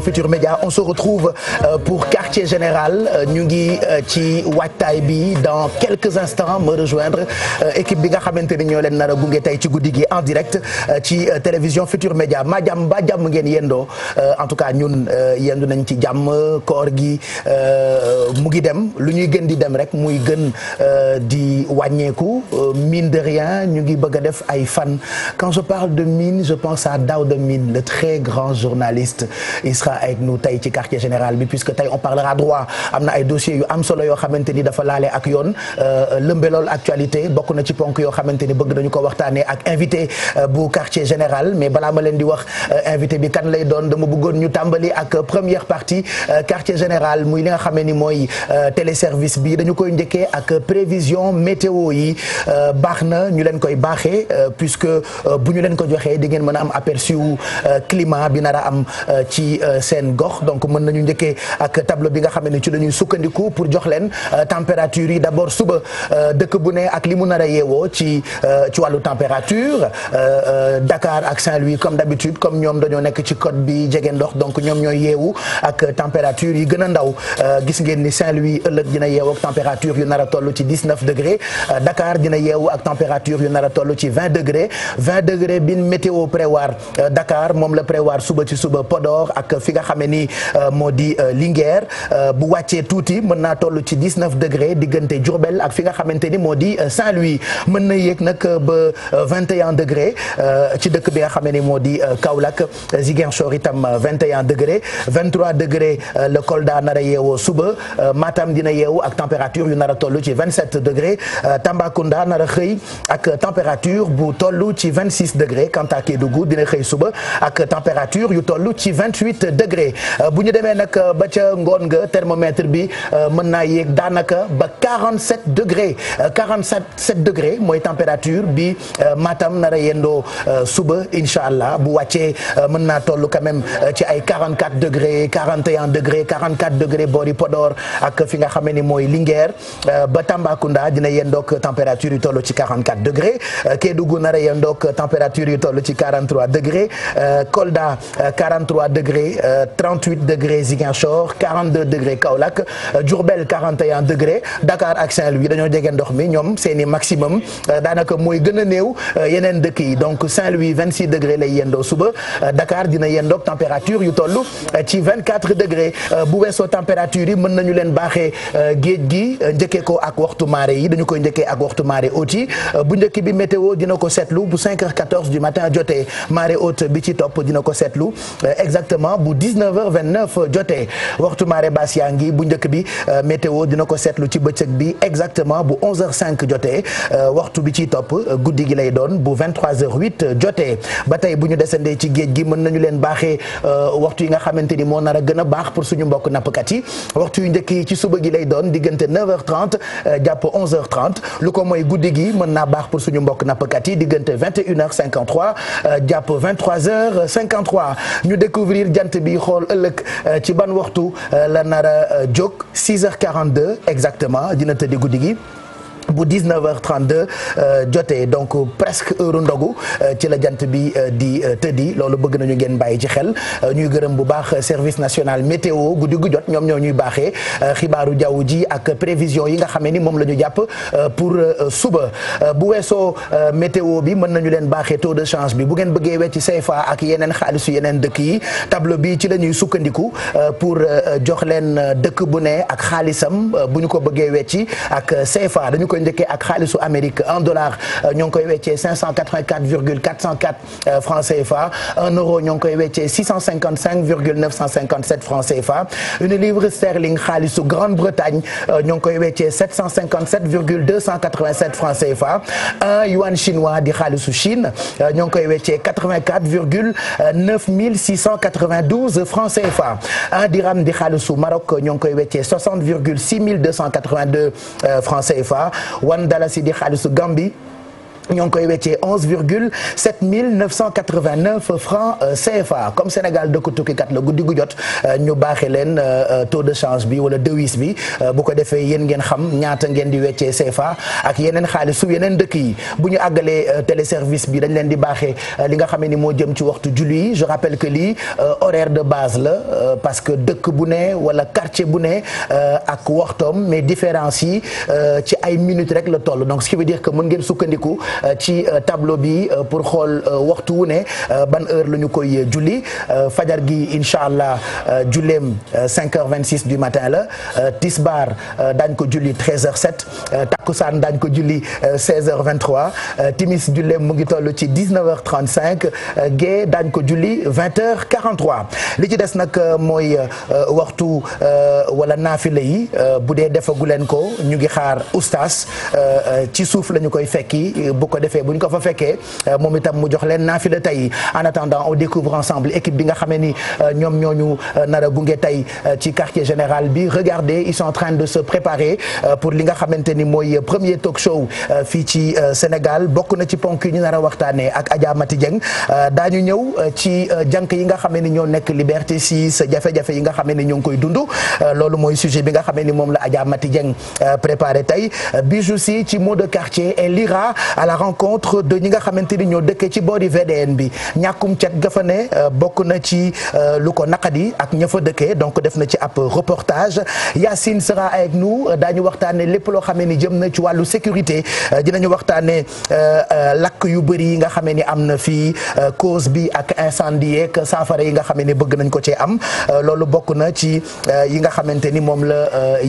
Futurs Médias on se retrouve euh, pour quartier général euh, ñu ngi euh, ci waajtaay bi dans quelques instants me rejoindre équipe bi nga xamante ni ñoo leen nar a gunge tey ci guddi gi en direct ci télévision Futurs média ma jàmm ba jàmm ngeen yendoo en tout cas ñun yendu nañ ci jàmm koor gi mu ngi dem lu ñuy gën di dem rek muy gën di wàññeeku mine de rien ñu ngi bëgg a def ay fan quand je parle de mine je pense à Daouda Mine le très grand journaliste sera avec nous tey ci quartier général euh, euh, balaa ma leen di wax euh, invité bi kan lay doon dama bëggoon ñu tàmbali ak première partie quartier général muy li nga xamee ni mooy téléservice bi dañu koy njëkkee ak prévision météo yi baax na ñu leen koy baaxee puisque bu ñu leen ko joxee di ngeen mën a am aperçu climat bi nar a am ci seen gox donc mën nañu njëkkee ak tableau bi nga xam ne ci la ñuy sukkandiku pour jox leen euh, température yi d' abord suba euh, dëkk bu ne ak li mu nar a yeewoo ci euh, ci wàllu température Dakar ak Saint-Louis comme d' habitude comme ñoom dañoo nekk ci code bi jege ndox donc ñoom ñooy yeewu ak température yi gën a ndaw gis ngeen ni Saint-Louis ëllëg dina yeewoo ak température yu nar a toll ci 19 degré Dakar dina yeewu ak température yu nar a toll ci 20 degré bin météo prévoir Dakar fi nga xamee ni euh, moo di euh, Linguère euh, bu wàccee tuuti mën naa toll ci 19 degré diggante Diourbel ak fi nga xamante ni moo di Saint-Louis mën na yéeg nag ba 21 degré ci dëkk bi nga xamee ni moo di Kaolack Ziguinchor itam 21 degré 23 degré le Kolda nar a yeewoo suba Matam dina yeewu ak température yu nar a toll ci 27 degré Tambacounda nar a xëy ak température bu toll ci 26 degré quant à dina xëy suba ak température yu toll ci 28 degré euh, bu ñu demee nag euh, ba ca ngoon nga thermomètre bi euh, mën naa yéeg daanaka ba 47 degré 47 degré mooy température bi Matam nar yendoo suba incha allah bu wàccee mën naa toll quand même ci ay 44 degré 41 degré 44 degré boori Podor ak fi nga xamee ni mooy Linguère ba Tambacounda dina yendook température yu toll ci 44 degré Kédougou nar a yendook température yu toll ci 43 degré Kolda 43 degré 38 degré Ziguinchor 42 degré Kaolack Diourbel 41 degré Dakar ak Saint-Louis dañoo jege ndox mi ñoom seen i maximum euh, daanaka mooy gën a néew euh, yeneen dëkk yi donc Saint-Louis 26 degré lay yendoo suba euh, Dakar dina yendoog température yu toll ci 24 degré bu weesoo température yi mën nañu leen baaxee géej gi njëkkee ko ak waxtu mare yi dañu koy njëkkee ak waxtu marée haute yi bu njëkk bi météo dina ko seetlu bu 5h14 du matin jotee marée haute bi ci topp dina ko seetlu bu 19h29 jotee waxtu marée basse bu njëkk bi euh, météo dina ko seetlu ci bëccëg bi exactement bu 11h05 jotee euh, waxtu bi ci topp euh, guddi gi lay doon bu 23h08 jotee ba tey bu ñu desandee ci géej gi mën nañu leen baaxee waxtu yi nga xamante ni moo nar a gën a baax pour suñu mbokk nappkat yi waxtu yu njëkk yi ci suba gi lay doon diggante 9h30 jàpp 11h30 ko mooy guddi gi mën naa baax pour suñu mbokk nappkat yi diggante 21h53 jàpp 23h53 découvrir jant jant bi xool ëllëg euh, ci ban waxtu euh, la nar a euh, jóg 6h42 exactement dina tëddi guddi gi. bu 19h32 euh, jotee donc presque heure ndogu euh, ci la jant bi euh, di tëddi loolu bëgg nañu ngeen bàyyi ci xel ñuy gërëm bu baax service national météo guddi gu jot ñoom ñoo ñuy baaxee xibaaru jaww ji ak prévision yi nga xamee ni moom la ñu jàpp pour suba bu weesoo météo bi mën nañu leen baaxee taux de change bi bu ngeen bëggee wecc CFA ak yeneen xaalisu yeneen dëkk yi tableau bi ci la ñuy sukkandiku pour jox leen dëkk bu ne ak xaalisam bu ñu ko bëggee wecci ak CFA dañu koy njëkkee ak xaalisu Amérique un dollar euh, ñoo ngi koy weccee 584 virgule 404 euh, francs CFA un euro ñoo ngi koy weccee 655 virgule 957 francs CFA une livre sterling xaalisu grande euh, ngi koy weccee 757 virgule 287 francs CFA un yuan chinois ngi koy weccee 84 virgule 9692 francs CFA un wan dalasi di xaalisu Gambie ñoo ngi koy weccee onze virgule sept mille neuf cent quatre vingt neuf francs euh, CFA comme Sénégal dëkk tukkikat la guddi gu jot euh, ñu baaxee leen euh, taux de change bi wala devise bi bu ko defee yéen ngeen xam ñaata ngeen di weccee CFA ak yeneen su yeneen dëkk yi bu ñu àggalee téléservice bi dañ leen di baaxee li nga xam ni moo jëm ci waxtu julli yi je rappelle que lii horaire de base la parce que dëkk bu ne wala quartier bu ne ak waxtoom mais différence yi ci ay minutes rek la toll donc ce qui veut dire que mën ngeen sukkandiku. Euh, ci euh, tableau bi euh, pour xool waxtu wu ne ban heure la ñu koy julli fajar gi incha allah julleem 5h26 du matin la tisbar daañ ko julli 13h07 takkusaan daañ ko julli 16h23 timis julleem mu ngi toll ci 19h35 gée daañ ko julli 20 h li ci des nag mooy waxtu wala naafila yi bu dee defagu leen ko ñu ngi xaar oustas ci suuf la ñu koy fekki bu ko defee bu ñu ko fa fekkee euh, moom itam mu jox leen naafila tey en attendant on découvre ensemble équipe bi nga xamee ni euh, ñoom ñooñu euh, nar gunge tey ci quartier général bi regardez ils sont train de se préparer pour li nga xamante ni mooy premier talk show fii ci Sénégal bokk na ci ponk yi ñu nar a waxtaanee ak Adja Mati Dieng daañu ñëw ci jànk yi nga xamee ni ñoo nekk Liberté 6 jafe-jafe yi nga xamee ni ñoo ngi koy dund loolu mooy sujet bi nga xamee ni moom la Adja Mati Dieng la rencontre de ñi nga xamante ni ñoo dëkkee ci boori VDN bi ñàkkum cet ga fa ne euh, bokk na ci euh, lu ko naqadi ak ña fa dëkkee donc def na ci ab reportage Yacine sera avec nous euh, daañu waxtaane lépp loo xame ni jëm na ci wàllu sécurité dinañu waxtaane lakk yu bëri yi nga xame ni am na fii cause bi ak incendie yeeg saafara yi nga xamee ni bëgg nañ ko cee am loolu bokk na ci yi nga xamante ni moom la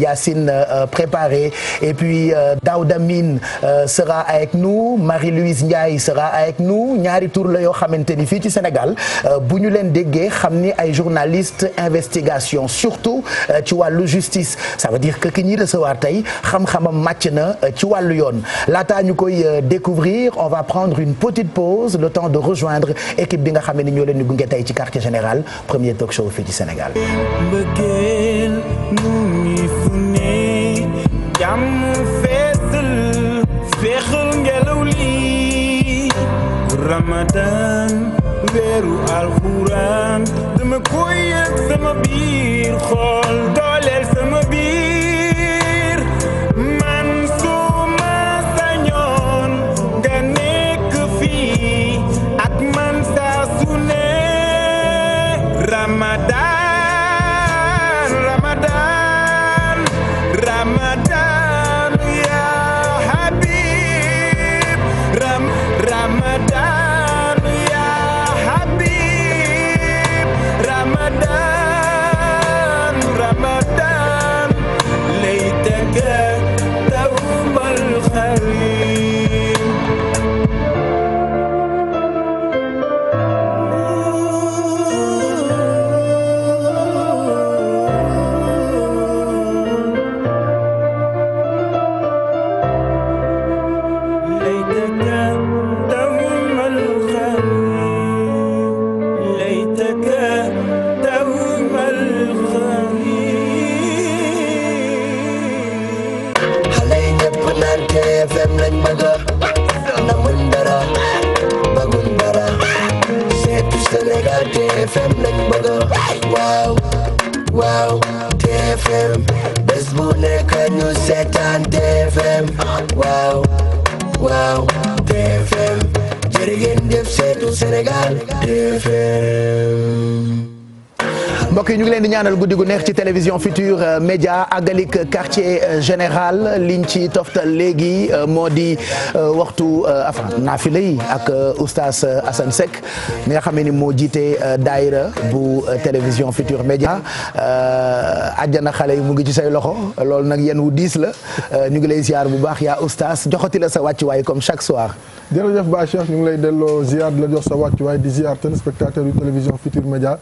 Yacine préparé et puis Daouda Mine sera avec nous nous Marie-Louise Ndiaye sera avec nous ñaari tour la yoo xamante ni fii ci Sénégal euh, bu ñu leen déggee xam ni ay journaliste investigation surtout euh, ci wàllu justice ça veut dire que ki ñuy recevoir tey xam-xamam màcc na euh, ci wàllu yoon laataa ñu koy découvrir on va prendre une petite pause le temps de rejoindre équipe bi nga xam ne ñoo leen di gunge tey ci quartier général premier talk show fii ci Sénégal jàmm feesal féexal ngeen ramadan weeru alxuraan dama koy yëg sama biir xool dooleel sama biir man su ma sañoon nga nekk fii ak man saa su ramadan ñaanal guddi gu neex ci télévision Futur euh, Média àggalik quartier euh, général liñ ci toftal léegi euh, moo di waxtu afan naafila yi ak oustaz Assane Seck ma nga xam ne ni moo jiite daayira bu télévision Futur Média àjjana xale yi mu ngi ci say loxo loolu nag yéen wu diis la ñu ngi ziar bu baax yaa oustaz joxati la sa wàccuwaay comme chaque soir. a ba Cheikh ñu ngi lay delloo ziar di la jox sa wàccuwaay télévision Futur Média.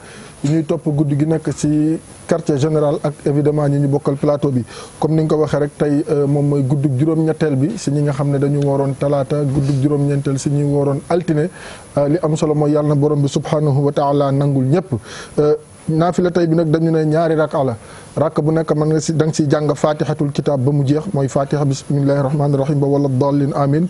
ñuy topp guddi gi nekk ci quartier général ak évidemment ñi ñu bokkal plateau bi comme ni nga ko waxee rek tey euh, moom mooy guddug juróom-ñetteel bi si ñi nga xam ne dañu waroon talaata guddug juróom-ñeenteel si ñuy waroon altine euh, li am solo mooy yàlla na borom bi subhanahu wa taala nangul ñëpp euh, naafila tey bi nag dañu ne ñaari raka la rakk bu nekk man nga si da si siy jàng fatihatul kitab ba mu jeex mooy fatiha bismillahi rahmaani rahim ba wala dallin amin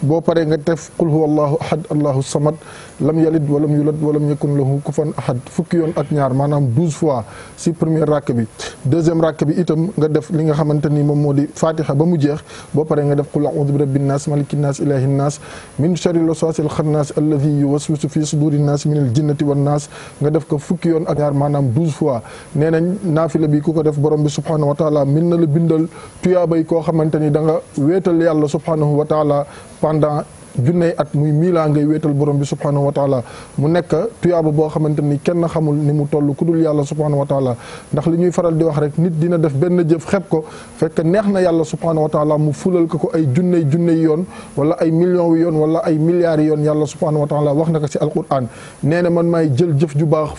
boo paree nga def qul huwa allahu ahad allahu samad lam yalid walam yulad walam yakun lahu kufuwan ahad fukki yoon ak ñaar maanaam douze fois si première rakk bi deuxième rakk bi itam nga def li nga xamante ni moom moo di fatiha ba mu jeex boo pare nga def qul audu bi rabbi nnaas maliki nnaas ilahi nnaas min sharri lwaswaasi alxannaas alladi yuwaswisu fi suduri nnaas min al nga def ko fukki yoon ak ñaar maanaam douze fois nee nañ naafila bi ku ko def borom bi subhanahu wa taala min na la bindal tuyaabay koo xamante ni da nga wéetal yàlla subhanahu wa taala pendant junney at muy miilaa ngay wéetal borom bi subhanahu wa mu nekk tuyaaba boo xamante ni kenn xamul ni mu toll ku dul yàlla subhanahu wa ndax li ñuy faral di wax rek nit dina def benn jëf xeeb ko fekk neex na yàlla subhanahu wa taala mu fulal ko ko ay junney junney yoon wala ay millions yoon wala ay milliards yoon yàlla subhanahu wa taala wax na ko ci alquran nee na man maay jël jëf ju baax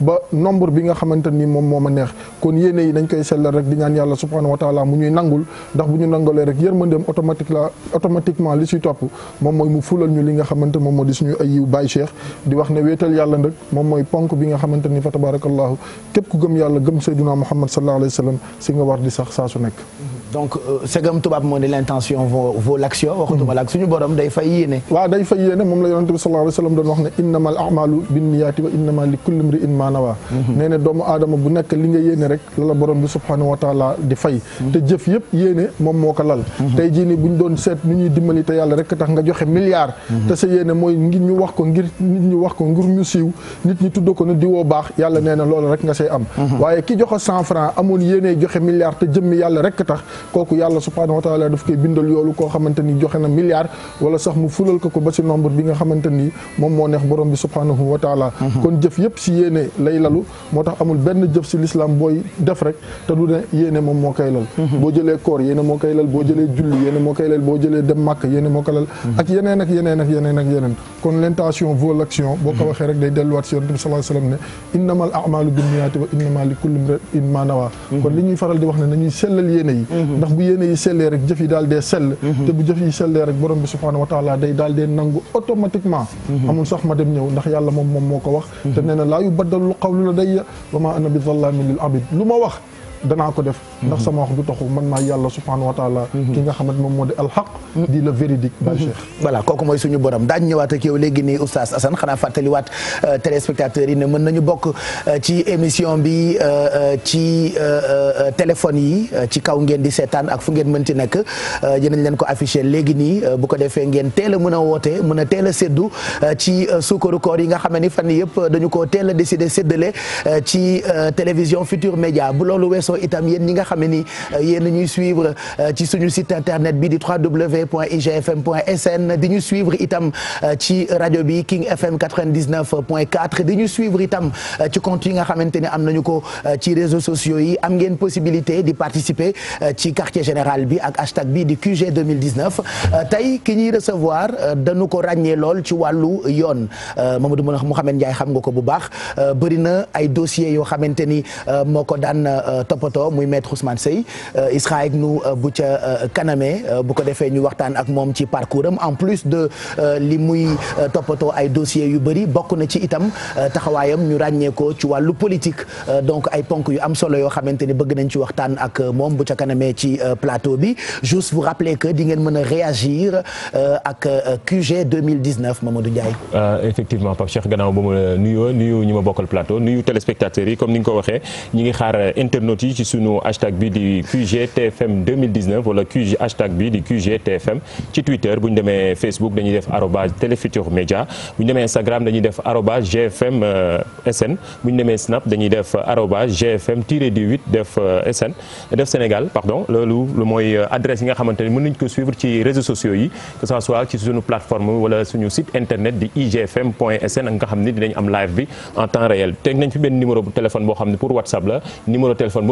ba nombre bi nga xamante ni moom moo ma neex kon yéene yi dañ koy sellal rek di ñaan yàlla subhanahu wa taala mu ñuy nangul ndax bu ñu nangalee rek yërmandeem automatique la automatiquement li ciy topp moom mooy mu fulal ñu li nga xamante moom moo di suñu ay yiw Baye Cheikh di wax ne wéetal yàlla nag moom mooy ponk bi nga xamante ni fa tabarakallahu képp ku gëm yàlla gëm sayduna muhammad sallallahu alayhi wa sallam si nga war di sax saa su nekk donc euh, segam tubaab moo ne l'intention vaut vaut l'action waxatuma hmm. laak suñu borom day fay yéene waaw day fay yéene moom la yonent bi sallallahu alayhi wa doon wax ne innama al amalu binniyaati wa innama li kulli hmm. ne doomu aadama bu nekk li nga yéene rek la borom bi subhanahu wa taala di fay hmm. te jëf yëpp yéene moom moo ko lal tey jii nii bu ñu doon seet nu ñuy dimbali te yàlla rek tax nga joxe milliard te sa yéene mooy ngir ñu wax ko ngir nit ñi wax ko ngir ñu siiw nit ñi tudd ko ne di woo baax yàlla nee na loolu rek nga say am waaye ki joxe cent francs amoon joxe milliard jëmmi yàlla rek tax kooku yàlla subhaanahu wa taala daf koy bindal yoolu koo xamante ni joxe na milliard wala sax mu fulal ko ko ba si nombre bi nga xamante ni moom moo neex borom bi subhaanahu wa taala mhm. kon jëf yëpp si yéene lay lalu moo tax amul benn jëf si lislaam booy def rek te du ne yéene moom moo koy lal mhm. boo jëlee koor yéene moo koy lal boo jëlee julli yéene moo koy lal boo jëlee dem màkk yéene moo koy lal mhm. ak yeneen ak yeneen ak yeneen ak yeneen kon l'intention vaut l'action boo ko waxee rek day delluwaat si yonent bi sallallahu alayhi wa sallam ne innamal li ñuy faral di wax ne nañuy sellal yéene yi Mhm. ndax bu yéene yi sellee rek jëf yi daal dee sell mhm. te bu jëf yi sellee rek borom bi subhaanahu wa taala day daal dee nangu automatiquement mhm. amul sax ma dem ñëw ndax yàlla moom moom moo ko wax te nee na laa yu baddalul qawlu la day wa maa ana bi zallaamin lil abid lu ma wax danaa ko def ndax sama wax du taxu man maa yàlla subhanahu wa taala ki nga xamante moom moo di alxaq di le véridique ba cheikh voilà kooku mooy suñu borom daañ ñëwaat ak yow léegi nii oustaz Assane xanaa fàttaliwaat euh, téléspectateurs yi ne mën nañu bokk euh, ci émission bi euh, ci téléphone yi ci kaw ngeen di seetaan ak fu ngeen mënti nekk dinañ leen ko affiché léegi nii bu ko defee ngeen teel mën a woote mën a teel a séddu ci suukaru koor yi nga xam ne fan yëpp dañu ko teel a décidé séddale ci télévision façon itam yéen ñi nga xam ne ni euh, yéen ñuy suivre euh, ci suñu site internet bi di www.igfm.sn di ñu suivre itam euh, ci rajo bi King FM 99.4 di ñu suivre itam ci compte yi nga xamante ne am nañu ko ci réseaux sociaux yi am ngeen possibilité di participer ci quartier général bi ak hashtag bi di QG 2019 tey ki ñuy recevoir dañu ko ràññee lool ci wàllu yoon Mamadou Mouhamed Ndiaye xam nga ko bu baax bëri ay dossiers yoo xamante ni moo ko daan toppatoo muy maître Ousmane Seye euh, il sera avec nous euh, bu ca euh, kaname bu ko defee ñu waxtaan ak moom ci parcours am en plus de li muy toppatoo ay dossiers yu bëri bokk na ci itam taxawaayam ñu ràññee ci wàllu politique donc ay ponk yu am solo yoo xamante ni bëgg nañ ci waxtaan ak moom bu ca kaname ci plateau bi juste vous rappeler que di ngeen mën a réagir ak QG 2019 Mamadou Ndiaye. effectivement Pape Cheikh gannaaw ba ma ñu ma bokkal plateau nuyu téléspectateurs yi comme yi ci sunu t bi di QGTFM 2019 wala QG hashtag bi di QGTFM ci Twitter bu demee Facebook dañuy def arobase Télé Futurs Médias bu ñu demee Instagram dañuy def arobase GFM euh, SN bu ñu demee Snap dañuy def arobase GFM tiré du 8 def euh, SN def Sénégal pardon loolu lu mooy euh, adresse yi nga xamante ni mën nañu ko suivre ci réseaux sociaux yi que ça soit ci suñu plateforme wala suñu site internet di igfm point sn nga xam ni dinañ am live bi en temps réel teg nañ fi benn numéro bu téléphone boo xam ne pour WhatsApp la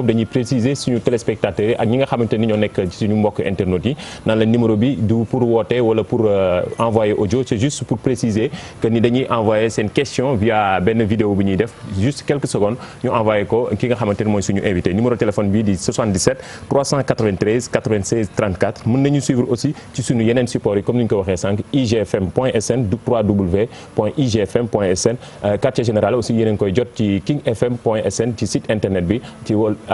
boobu dañuy préciser suñu téléspectateurs yi ak ñi nga xamante ni ñoo nekk ci suñu mbokk internautes yi naan la numéro bi du pour woote wala pour euh, envoyer audio c'est juste pour préciser que ni dañuy envoyer seen question via benn vidéo bu ñuy def juste quelques secondes ñu envoyer ko ki nga xamante ni mooy suñu invité numéro téléphone bi di 77 393 96 34 mën nañu suivre aussi ci suñu yeneen support yi comme ni ñu ko waxee sànq igfm point sn 3w point igfm sn euh, quartier général aussi yéen koy jot ci king fm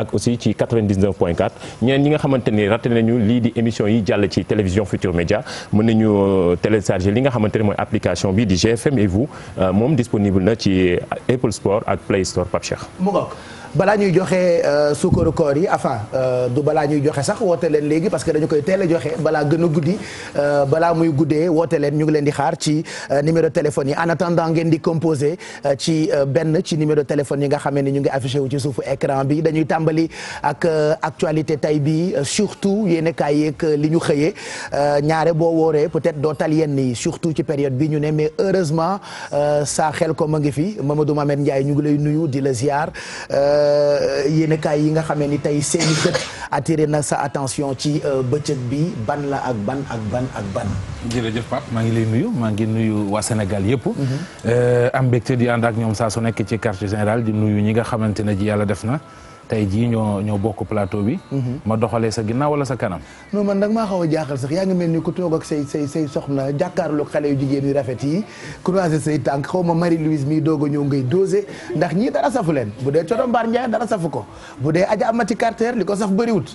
ak aussi ci 99 point 4 ñeneen ñi nga xamante ni raté nañu lii di émission yi jàll ci télévision Futur Média mën nañu euh, télécharger li nga xamante ne mooy application bi di GFM et vous euh, moom disponible na ci Apple Store ak Play Store Pape Cheikh balaa ñuy joxe euh, sukkaru koor yi enfin euh, du balaa ñuy joxe sax woote leen léegi parce que dañu koy teel joxe balaa gën a guddi euh, balaa muy guddee woote leen ñu ngi leen di xaar ci numéro téléphone yi en attendant ngeen di composé ci benn ci numéro téléphone yi nga xamee ni ñu ngi affiché wu ci suufu écran bi dañuy tàmbali ak actualité tay bi surtout yéen kaay yeeg li ñu xëyee ñaare boo wooree peut-être doo tal yenn yi surtout ci période bi ñu ne mais heureusement saa xel ko ma ngi fi Mamadou Mamet Ndiaye ñu ngi lay nuyu di la ziar. Euh, yéenekaay yi nga xame ni tey seeni xët attiré na sa attention ci euh, bëccëg bi ban la ak ban ak ban ak ban. jërëjëf Pape maa ngi lay nuyu maa ngi nuyu waa Sénégal yëpp. Mhm. Euh, am mbégte di ànd ak ñoom saa su nekk ci quartier général di nuyu ñi nga xamante ne ji yàlla def na. tey jii ñoo ñoo bokk plateau bi. Mhm. ma doxalee sa ginnaaw wala sa kanam. non man nag maa xaw a jaaxal sax yaa ngi mel ni ku toog ak say say say soxna jàkkaarloog xale yu jigéen yu rafet yi. croiser say tànk xaw ma Marie Louise mii doog a ngay dosé ndax ñii dara safu leen bu dee Codom Mbar Ndiaye dara safu ko bu dee Adja Amati Carter li ko saf bëriwut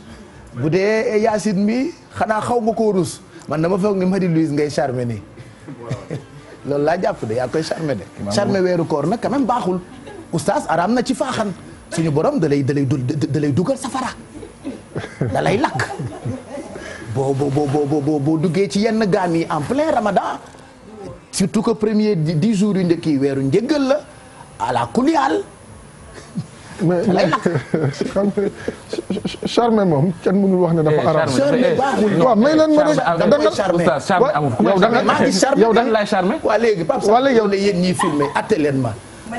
bu dee Yacine mi xanaa xaw nga koo rus man dama foog ni Marie Louise ngay charmer nii. loolu laa jàpp de yaa koy charmer de. charmer weeru koor na quand même baaxul oustaz araam na ci faaxan. suñu borom da lay dalay lay da lay dugal safara da lay lakk boo bo boo duggee ci yenn gaam yi en plein ramadan surtout que premier dix jours yu njëkk yi weeru njëggal la ala kulial mais xam nga charme moom kenn mënul wax ne dafa eh, araam. Eh, waaw may leen ma ne ah, da nga charme charme amul yow da nga yow da nga lay charme waa léegi Pape Sarr yow la yéen ñiy filmé atte leen ma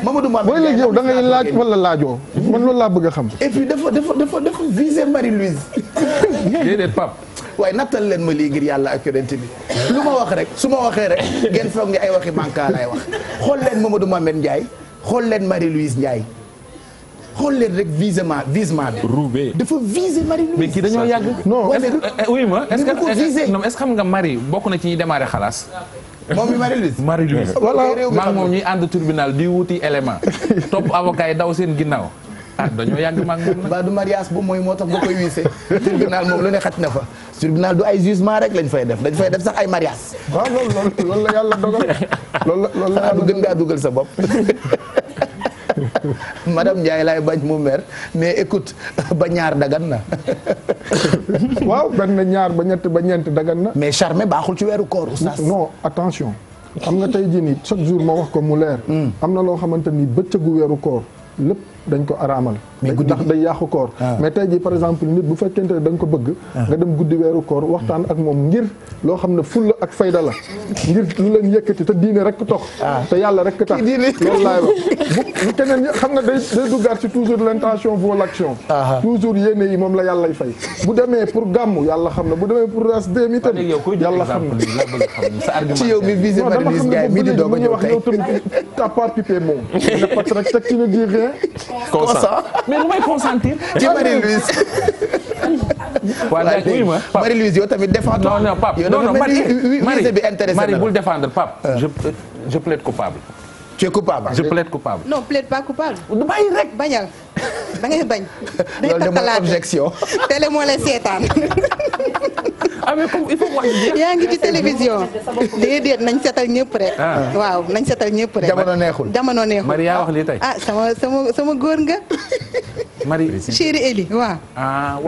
Mamadou Mame Ndiaye léegi yow da ngay laaj wala laajoo man laa bëgg xam. et puis dafa dafa dafa dafa visé Marie Louise. déedéet Pape. waaye nattal leen ma lii ngir yàlla ak yonent bi lu ma wax rek su ma waxee rek ngeen foog ni ay waxi manka laay wax xool leen Mamadou Mame Ndiaye xool leen Marie Louise Ndiaye. xool leen rek visement visement bi. roubé dafa visé Marie Louise. kii dañoo yàgg. non est-ce euh, est-ce que non est xam nga Marie bokk na ci ñi démarré xalaas. moom mi Marie-Louise Marie-Louise voilà maa ngi moom ñuy ànd tribunal di wuti élément topp avocat yi daw seen ginnaaw ah dañoo yàgg maa ngi moom nag ba du mariage bu mooy moo tax nga koy wiise tribunal moom lu ne xaj na fa tribunal du ay jugement rek lañ fay def dañ fay def sax ay mariage waaw loolu loolu loolu la yàlla dogal loolu la loolu la du gën ngaa dugal sa bopp madame Ndiaye laay bañ mu mer mais écoute ba ñaar dagan na. waaw benn ñaar ba ñett ba ñeent dagan na. mais charme baaxul ci weeru koor oustaz. non attention. xam nga tey jii nii chaque jour ma wax ko mu leer. Hmm. am na loo xamante ni bëccëgu weeru koor lépp. dañ ko araamal ndax day yàqu koor ah. mais tey jii par exemple nit bu fekkente ne da ko bëgg ah. nga dem guddi weeru koor waxtaan ak moom ngir loo xam ne fulla ak fayda la ngir lu leen yëkkati te diine rek tox ah. te yàlla rek tax loolu laay wax bu keneen xam nga day day duggaat ci toujours l'intention vaut l'action toujours yéene yi moom la yàllay fay bu demee pour gàmmu yàlla xam na bu demee pour ras dem itam yàlla xam na ci yow mi visé Marie-Louise mi wax yow tamit t'as consent mais lu may consentir. ci Marie-Louise. voilà oui ma Pape Marie-Louise yow tamit défendre. non non Pape non non Marie Marie bul défendre Pape. je je plaide coupable. tu es coupable. je plaide coupable. non plaide pas coupable. du bàyyi rek bañal da ngay bañ. day takkalaate objection. télé moo lay seetaan. Ah, yaa ngi ci télévision déedéet nañ seetal ñëpp rek. Ah. waaw nañ seetal ñëpp rek. jamono neexul jamono neexul. Maria wax lii tey. ah sama sama sama góor nga. Marie chéri ah,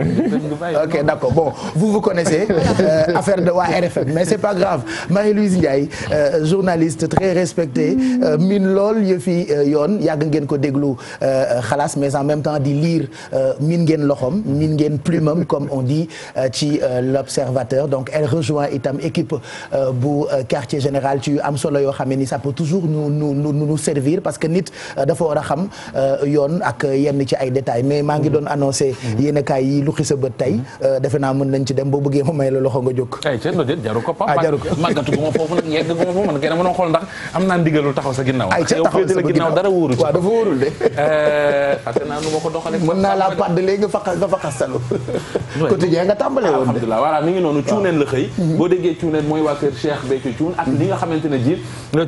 ok d' accord bon vous vous connaissez euh, affaire de waa RFM mais c' est pas grave Marie-Louise Ndiaye euh, journaliste très respectée euh, mine lool yëfi euh, yoon yàgg ngeen ko déglu euh, xalaas mais en même temps di lire mine ngeen loxoom mine ngeen plumam comme on dit ci l' observateur donc elle rejoint itam équipe bu quartier général ci am solo yoo xam ne ni ça peut toujours nous nous nous servir parce que nit dafa war a xam yoon ak yenn ci ay détails. mais maa ngi mm-hmm. doon annoncé mm-hmm. yéen a kaay yi bët tey mm-hmm. euh, defe naa mën nañ ci dem boo bëggee ma may la loxo nga jóg ay ca déet jaru ko ah jaru ko màggatu gu ma foofu naa ndigalul sa ginnaaw ay ca taxaw sa ginnaaw dara wóoru waaw dafa eh, naa nu ma ko doxalee mën naa laa padd léegi nga faqa nga faqastalu quotidien nga tàmbale woon alhamdulilah voilà ngi noonu cuuneen la xëy boo déggee cuuneen mooy waa kër Cheikh Béthio Thioune ak li nga xamante ne ji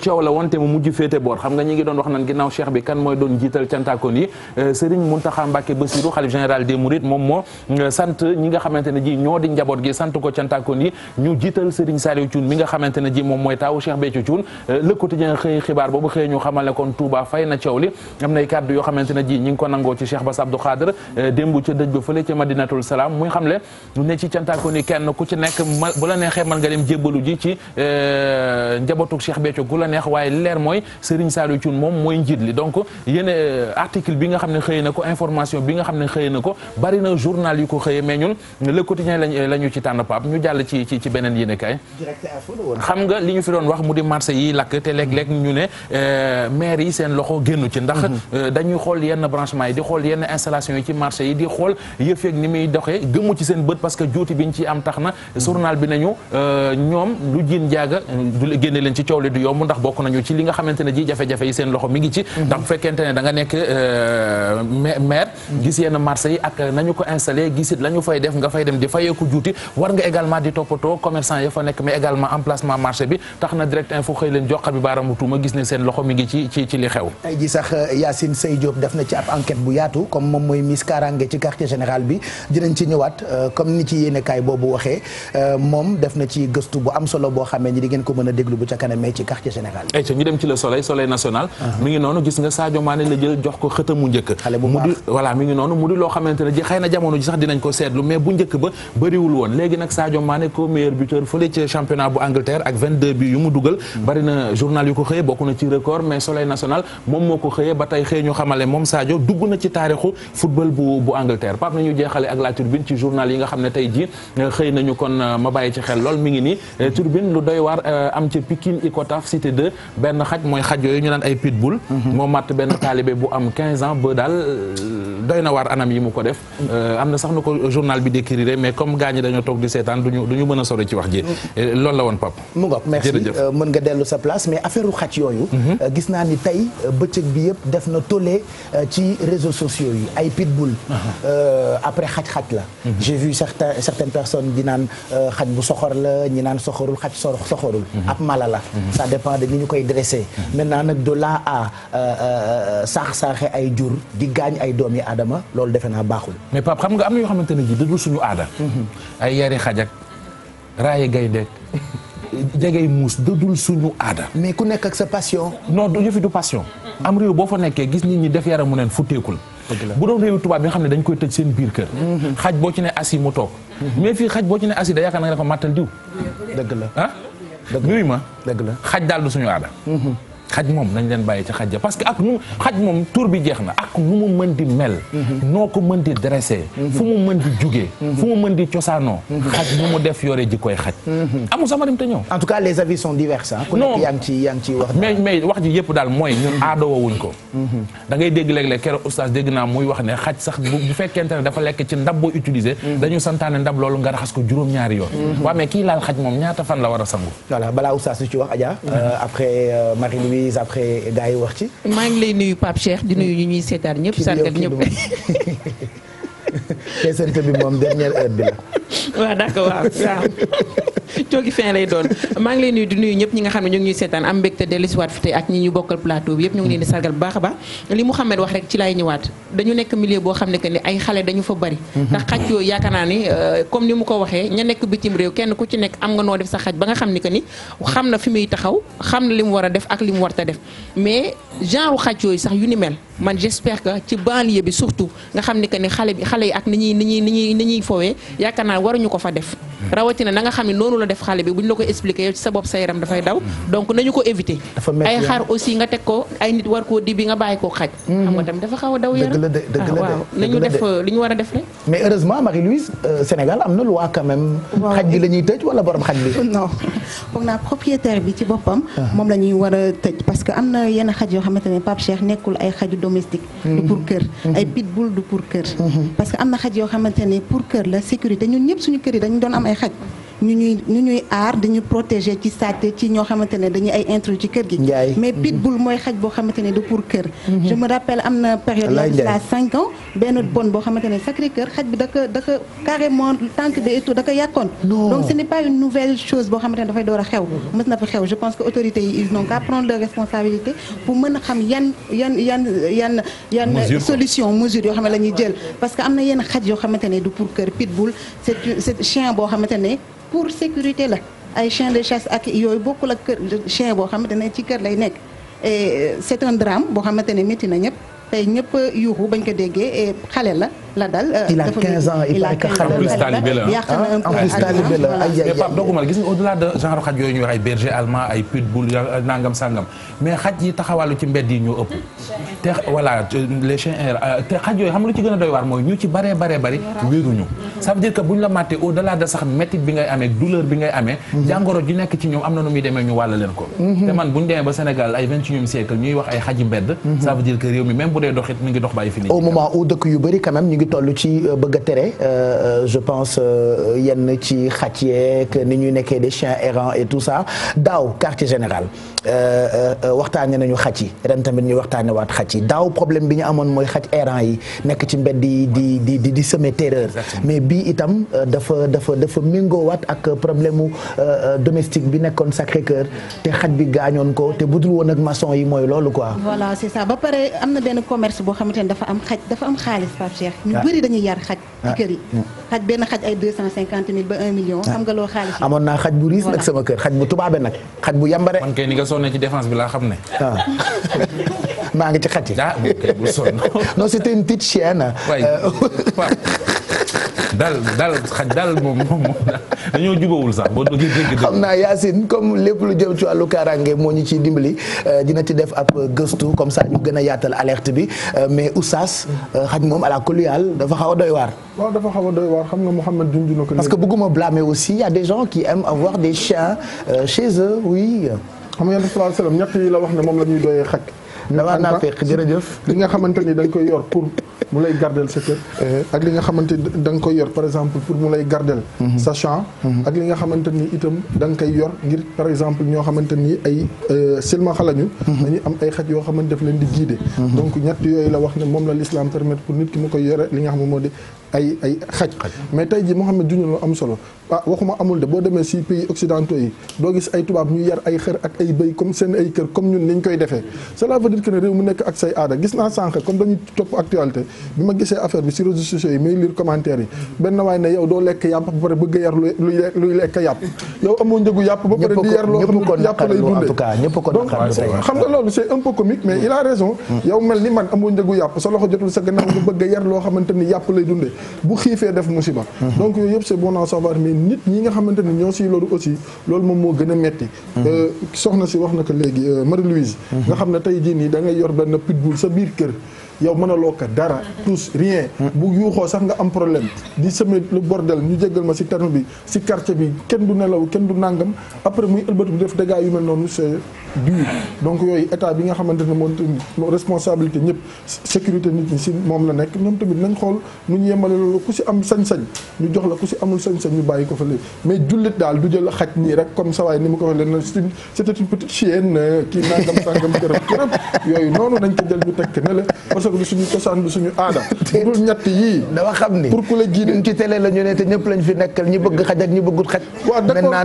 coow la wonte mu mujj féete boor xam nga ñi ngi doon wax naan ginnaaw Cheikh bi kan mooy doon jiital cantaakoon yi euh, Serigne Mountakha Mbacké Mbacke Bassirou xalif général des Mourides moom moo euh, sant ñi nga xamante ne ji ñoo di njaboot gi sant ko cantakoon ñu jiital Serigne Saliou Thioune mi nga xamante ji moom mooy taaw Cheikh Béthio Thioune euh, le quotidien xëy xibaar boobu xëy ñu xamal kon Touba fay na coow li am nay kàddu yoo xamante ji ñi ngi ko nangoo ci Cheikh Bass Abdou Khadre euh, démb ca dëj ba fële ca Madinatul Salaam muy xam le ne ci cantakoon kenn ku ci nekk bu la neexee man nga dem jébbalu ji ci njabootu Cheikh Béthio gu la neex waaye leer mooy Serigne Saliou information bi nga xam ne xëy na ko bari na journal yu ko xëyee mais ñun le quotidien lañ ñu ci tànn Pape ñu jàll ci ci ci beneen yéene xam nga li ñu fi doon wax mu di marché yi lakk te léeg-léeg ñu ne euh, maire yi seen loxo génnu ci ndax mhm. euh, dañuy xool yenn branchement yi di xool yenn installation yi ci marché yi di xool yëf yeeg ni doxee gëmu ci seen bët parce que juuti ñu ci am tax na journal bi nañu euh, ñoom lu jiin jaaga du génne leen ci coow li du yomb ndax bokk nañu ci li nga xamante ne ji jafe-jafe yi seen loxo mi ngi ci mhm. ndax bu fekkente ne danga nga nekk maire gis yenn marché yi ak nañu ko installé gisit la fay def nga fay dem di fayeeku juuti war nga également di toppatoo commerçant ya fa nekk mais également emplacement marché bi tax na direct info xëy leen xew bu yaatu comme moom mooy Miss Karange ci euh, euh, def na ci gëstu bu am solo boo xamee ni di ngeen ko mën déglu bu ca kanamee ci quartier général bi ñu dem ci le soleil soleil national ah. mi ngi noonu gis nga Sadio Mané la jël jox ko xëtamu njëkk mi ngi noonu mu di loo xamante ne ji xëy na jamono ji sax dinañ ko seetlu mais bu njëkk ba bëriwul woon léegi nag Sadio Mané ko meilleur buteur fële ci championnat bu Angleterre ak 22 bi yu mu dugal bari na journal yu ko xëyee bokk ci record mais Soleil national moom moo ko xëyee ba tey xëy ñu xamale moom Sadio dugg na ci taarixu football bu bu Angleterre Pape nañu jeexale ak la turbine ci journal yi nga xam ne tey ji euh, xëy nañu kon euh, ma bàyyi ci xel lool mi ngi nii euh, turbine lu doy waar am ci Pikine Ikotaf cité 2 benn xaj mooy xaj mhm. moo matt benn taalibe bu am 15 ans ba doy na waar anam yi mu ko def euh, am na sax nu ko journal bi décrire mais comme gaañi dañoo toog di seetaan du ñu mën a sori ci wax ji euh, loolu la woon pap mu ngoog merci euh, mën nga dellu sa place mais affaire u xaj yooyu mhm. gis naa ni tey bëccëg bi yëpp def na tollé ci réseaux sociaux yi ay pitbull mhm. après xaj-xaj la mhm. j'ai vu certains certaines personnes di naan xaj bu soxor la ñi naan soxorul xaj soxorul ab mala la ça dépend de ni ñu koy dressé maintenant nag de là a saax-saaxe ay jur di gaañ ay Adama loolu defe naa baaxul. mais Pape xam nga am na yoo xamante ne ji dëddu suñu aada. Mhm. ay yari xajak raaye gaynde jegey muus dëddul suñu aada. mais ku nekk ak sa passion. non du yëfi du passion. am réew boo fa nekkee gis nit ñi def yaram mu neen futteekul. bu doon réewu tubaab bi nga xam ne dañ koy tëj seen biir kër. Mhm. xaj boo ci ne assis mu toog. Mhm. mais fii xaj boo ci ne assis da yaakaar na nga dafa màttal diw. dëgg la ah. dëgg ma. dëgg la xaj daal du suñu aada. xaj moom nañ leen bàyyi ci xaj ja parce que ak nu xaj moom tur bi jeex na ak nu mu mën di mel mhm. noo ko mën di dressé mhm. fu mu mën di jugee mhm. fu mu mën di cosaanoo xaj nu mu def yore ji koy xaj amu sama dem te ñëw en tout cas les avis sont divers ku nekk yaa ngi ci wax ji yëpp daal mooy ñun aadowowuñ ko da ngay dégg léeg-léeg keroog oustaz dégg naa muy wax ne xaj sax bu fekkente ne dafa lekk ci ndab boo utilisé dañu santaane ndab loolu nga raxas ko juróom ñaari yoon waaw mais kii laal xaj moom ñaata fan la war a sangu voilà balaa oustaz Louise après gars yi wax ci. maa ngi lay nuyu Pape Cheikh di nuyu ñu ñuy seetaan ñëpp. sargal ñëpp keesante bi moom dernière heure bi la. waaw d'accord waaw waaw. coogi fin lay doon maa ngi lay nuyu di nuyu ñëpp ñi nga xam ne ñu ngi seetaan am mbégte dellusiwaat fi tey ak ñi ñu bokkal plateau bi yëpp ñu ngi leen di sargal baax a baax li Mouhamed wax rek ci laay ñëwaat xam ne que ni ay xale dañu fa bari mhm. ndax xaj yooyu yaakaar naa ni euh, comme ni mu ko waxee ña nekk bitim réew kenn ku ci nekk am nga noo def sa xaj ba nga xam ni que ni xam na fi muy taxaw xam na li mu war a def ak li mu wa def mais genre xaj yooyu sax yu ni mel man j'espère que ci ñuy ni ñuy ni ñuy ni ñuy naa waruñu ko fa def rawatina na nga xam ne noonu la def xale bi bu ñu la ko expliqué yow ci sa bopp sa yaram dafay daw donc nañu ko éviter ay xar aussi nga teg ko ay nit war koo di bi nga bàyyi koo xaj mhm. xam nga tam dafa xaw a daw yaram ah, waaw nañu def euh, li ñu war a def rek mais heureusement Marie-Louise euh, Sénégal am na loi quand même xaj bi la ñuy tëj wala borom xaj bi non foog naa propriétaire bi ci boppam ah. moom la ñuy war a tëj parce que am na yenn xaj yoo xamante ne Pape Cheikh nekkul ay xaju domestique mhm. du pour kër mhm. ay pitbull du pour kër parce que xaj yoo xamante ne pour kër la sécurité ñun ñëpp suñu kër yi dañu doon am ay xaj ñu ñuy ñu ñuy aar dañu protéger ci sàtte ci ñoo xamante ne dañuy ay intrus ci kër gi mais mm-hmm. pitbull mooy xaj boo xamante ne du pour kër mm-hmm. je me rappelle am na période la cinq ans benn bonne boo xamante ne sacré cœur xaj bi da ko da ko carrément tànk bi et tout da ko yàqoon donc ce n'est pas une nouvelle chose boo xamante ne dafay door a xew mës na fi xew je pense que autorités yi ils n'ont qu'à prendre responsabilité pour mën a xam yan yan yan yan yan solution mesure yoo xam ne la ñuy parce que am na yenn xaj yoo xamante ne du pour kër pitbull c'est chien boo xamante ne pour sécurité la ay chain de chasse ak yooyu bokkul ak kër chien boo xamante ne ci kër lay nekk et euh, c'est drame boo xamante ne métti na ñëpp tey ñëpp yuuxu bañ ko déggee eh, xale la la dal. Eh, il a 15 ans il a xale la yàq na ah, un peu. en plus talibé la ay ay Pape Dogu Mal gis nga au delà de genre xaj yooyu ñu wax ay berger allemand ay pitbull nangam sangam mais xaj yi taxawaalu ci mbedd yi ñoo ëpp. te voilà les chiens euh, te xaj yooyu xam lu ci gën a doy waar mooy ñu ci baree baree bari wéeruñu. ça veut dire que buñ la màttee au delà de sax métit bi ngay amee douleur bi ngay amee. Mhm. jàngoro ji nekk ci ñoom am na nu muy demee ñu wàll leen ko. Mhm. te man buñ demee ba Sénégal ay 21e siècle ñuy wax ay xaji mbedd. Mhm. ça veut dire que réew mi même bu dee doxit mi ngi dox bàyyi fi au moment où dëkk yu bëri quand même ñu ngi toll ci euh, bëgg a tere euh, euh, je pense yenn ci xaj yeeg ni ñuy nekkee des chiens errants et tout ça daaw quartier général Euh, euh, waxtaane nañu xaj yi ren tamit ñu waxtaane waat xaj yi daaw problème bi ñu amoon mooy xaj errant yi nekk ci mbedd yi di di di di semer terreur mais bi itam euh, dafa dafa dafa waat ak problème mu domestique bi nekkoon Sacré Cœur te xaj bi gaañoon ko te budul woon ak mason yi mooy loolu quoi voilà ba pare am na benn commerce boo xamante ne dafa am xaj dafa am xaalis Pape Cheikh ñu ah. dañuy yar xaj ci ah. kër yi mm. xaj benn xaj cent cinquante mille ba un ah. xam nga loo xaalis amoon naa xaj bu riis nag sama kër xaj bu tubaabe nag xaj bu yambare soo ne ci défense bi laa xam ne. waaw ah. maa ngi ci xaj. ah bu sonn. non c'était une petite chienne. waay euh, waaw. daal daal xaj daal moom moom dañoo jubawul sax boo xam naa Yacine comme lépp lu jëm ci wàllu kaaraange moo ñu ciy dimbali euh, dina ci def ab gëstu comme ça ñu gën a yaatal alerte bi euh, mais Oustaz. xaj moom ala kulli haal dafa xaw a doy waar. waaw dafa xa a doy na ko. parce que bëgguma blâmer aussi y a des gens qui aiment avoir des chiens chez eux oui. xam nga sallallahu alayhi la wax ne moom la ñuy doyee xaj. damaa naa fekk jërëjëf li nga xamante ni dañ koy yor pour mu lay gardel sa kër. Uh-huh. li nga xamante ni da koy yor par exemple pour mu lay gardel mm-hmm. sa champ. Mm-hmm. ak li nga xamante ni itam da nga koy yor ngir par exemple ñoo xamante ni ay euh, silmaxa lañu. Mm-hmm. dañuy am ay xaj yoo xamante daf leen di guider. donc ñett yooyu la wax ne moom la l'islam permettre pour nit ki mu koy yore li nga xam moo di. ay ay xaj mais tey jii ne junñu lu am solo ah waxuma amul de boo demee si pays occidentaux yi doo gis ay tubaab ñuy yar ay xër ak ay bëy comme seen ay kër comme ñun ñu koy defee cela veut dire que ne réew mu nekk ak say aada gis naa sànq comme dañuy topp actualité bi ma gisee affaire bi si réseaux sociaux yi may lire commentaire yi benn waay ne yow a nga loolu c'est un peu comique mais il a raison mm. yow mel ni man amoo sa loxo jotul sa gannaaw nga bëgg yar loo xamante ni yàpp lay dundee bu xiifee def musiba donc yooyu yëpp c'est bon à savoir nit ñi nga xamante ni ñoo si loolu aussi loolu moom moo gën a metti euh, soxna si wax na ko léegi euh, Marie Louise nga xam ne tey jii nii da ngay yor benn pitbull sa biir kër yow mën mënaloo ko dara tous rien bu yuuxoo sax nga am problème di semer le bordel ñu jéggal ma si terme bi si quartier bi kenn du nelaw kenn du nàngam après muy ëlbatu bu def dégâts yu mel noonu c'est dur donc yooyu état bi nga xamante ne moo responsabilité ñëpp sécurité nit ñi moom la nekk ñoom tamit nañ xool nu ñu yemale ku si am sañ-sañ ñu jox la ku si amul sañ-sañ ñu bàyyi ko fa mais jullit daal du jël xaj nii rek comme ça waaye ni ma ko waxee leen c'était une petite chienne kii euh, nangam sangam kërëb kërëb yooyu noonu nañ ko jël ñu teg ne wërsëg du suñu cosaan du suñu aada. te dul ñett xam ni ñu ne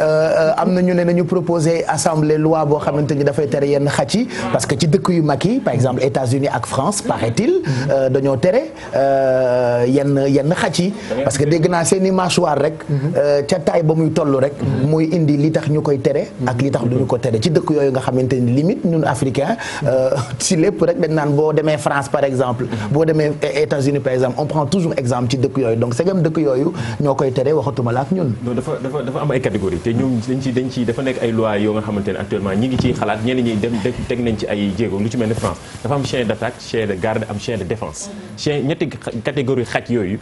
euh, na ñu ne nañu proposé assemblée loi boo xamante ni dafay tere yenn xac yi. parce que ci dëkk yu mag yi par exemple États-Unis ak France paraît-il mm-hmm. euh, dañoo tere euh, yenn yenn yi. parce que dégg naa seen i mâchoire rek. Mm-hmm. ca taay ba muy toll rek. mooy mm-hmm. indi li tax ñu koy tere. ak li tax duñu ko tere ci dëkk yooyu nga xamante ni limite ñun africain ci lépp rek dañ boo demee France par exemple boo demee États-Unis par exemple on prend toujours exemple ci dëkk yooyu donc segam dëkk yooyu ñoo koy tere waxatuma la ak ñun dafa dafa am ay catégories te yoo nga xamante ne actuellement ñi ngi de garde am chien de défense chien ñetti catégorie xaj yooyu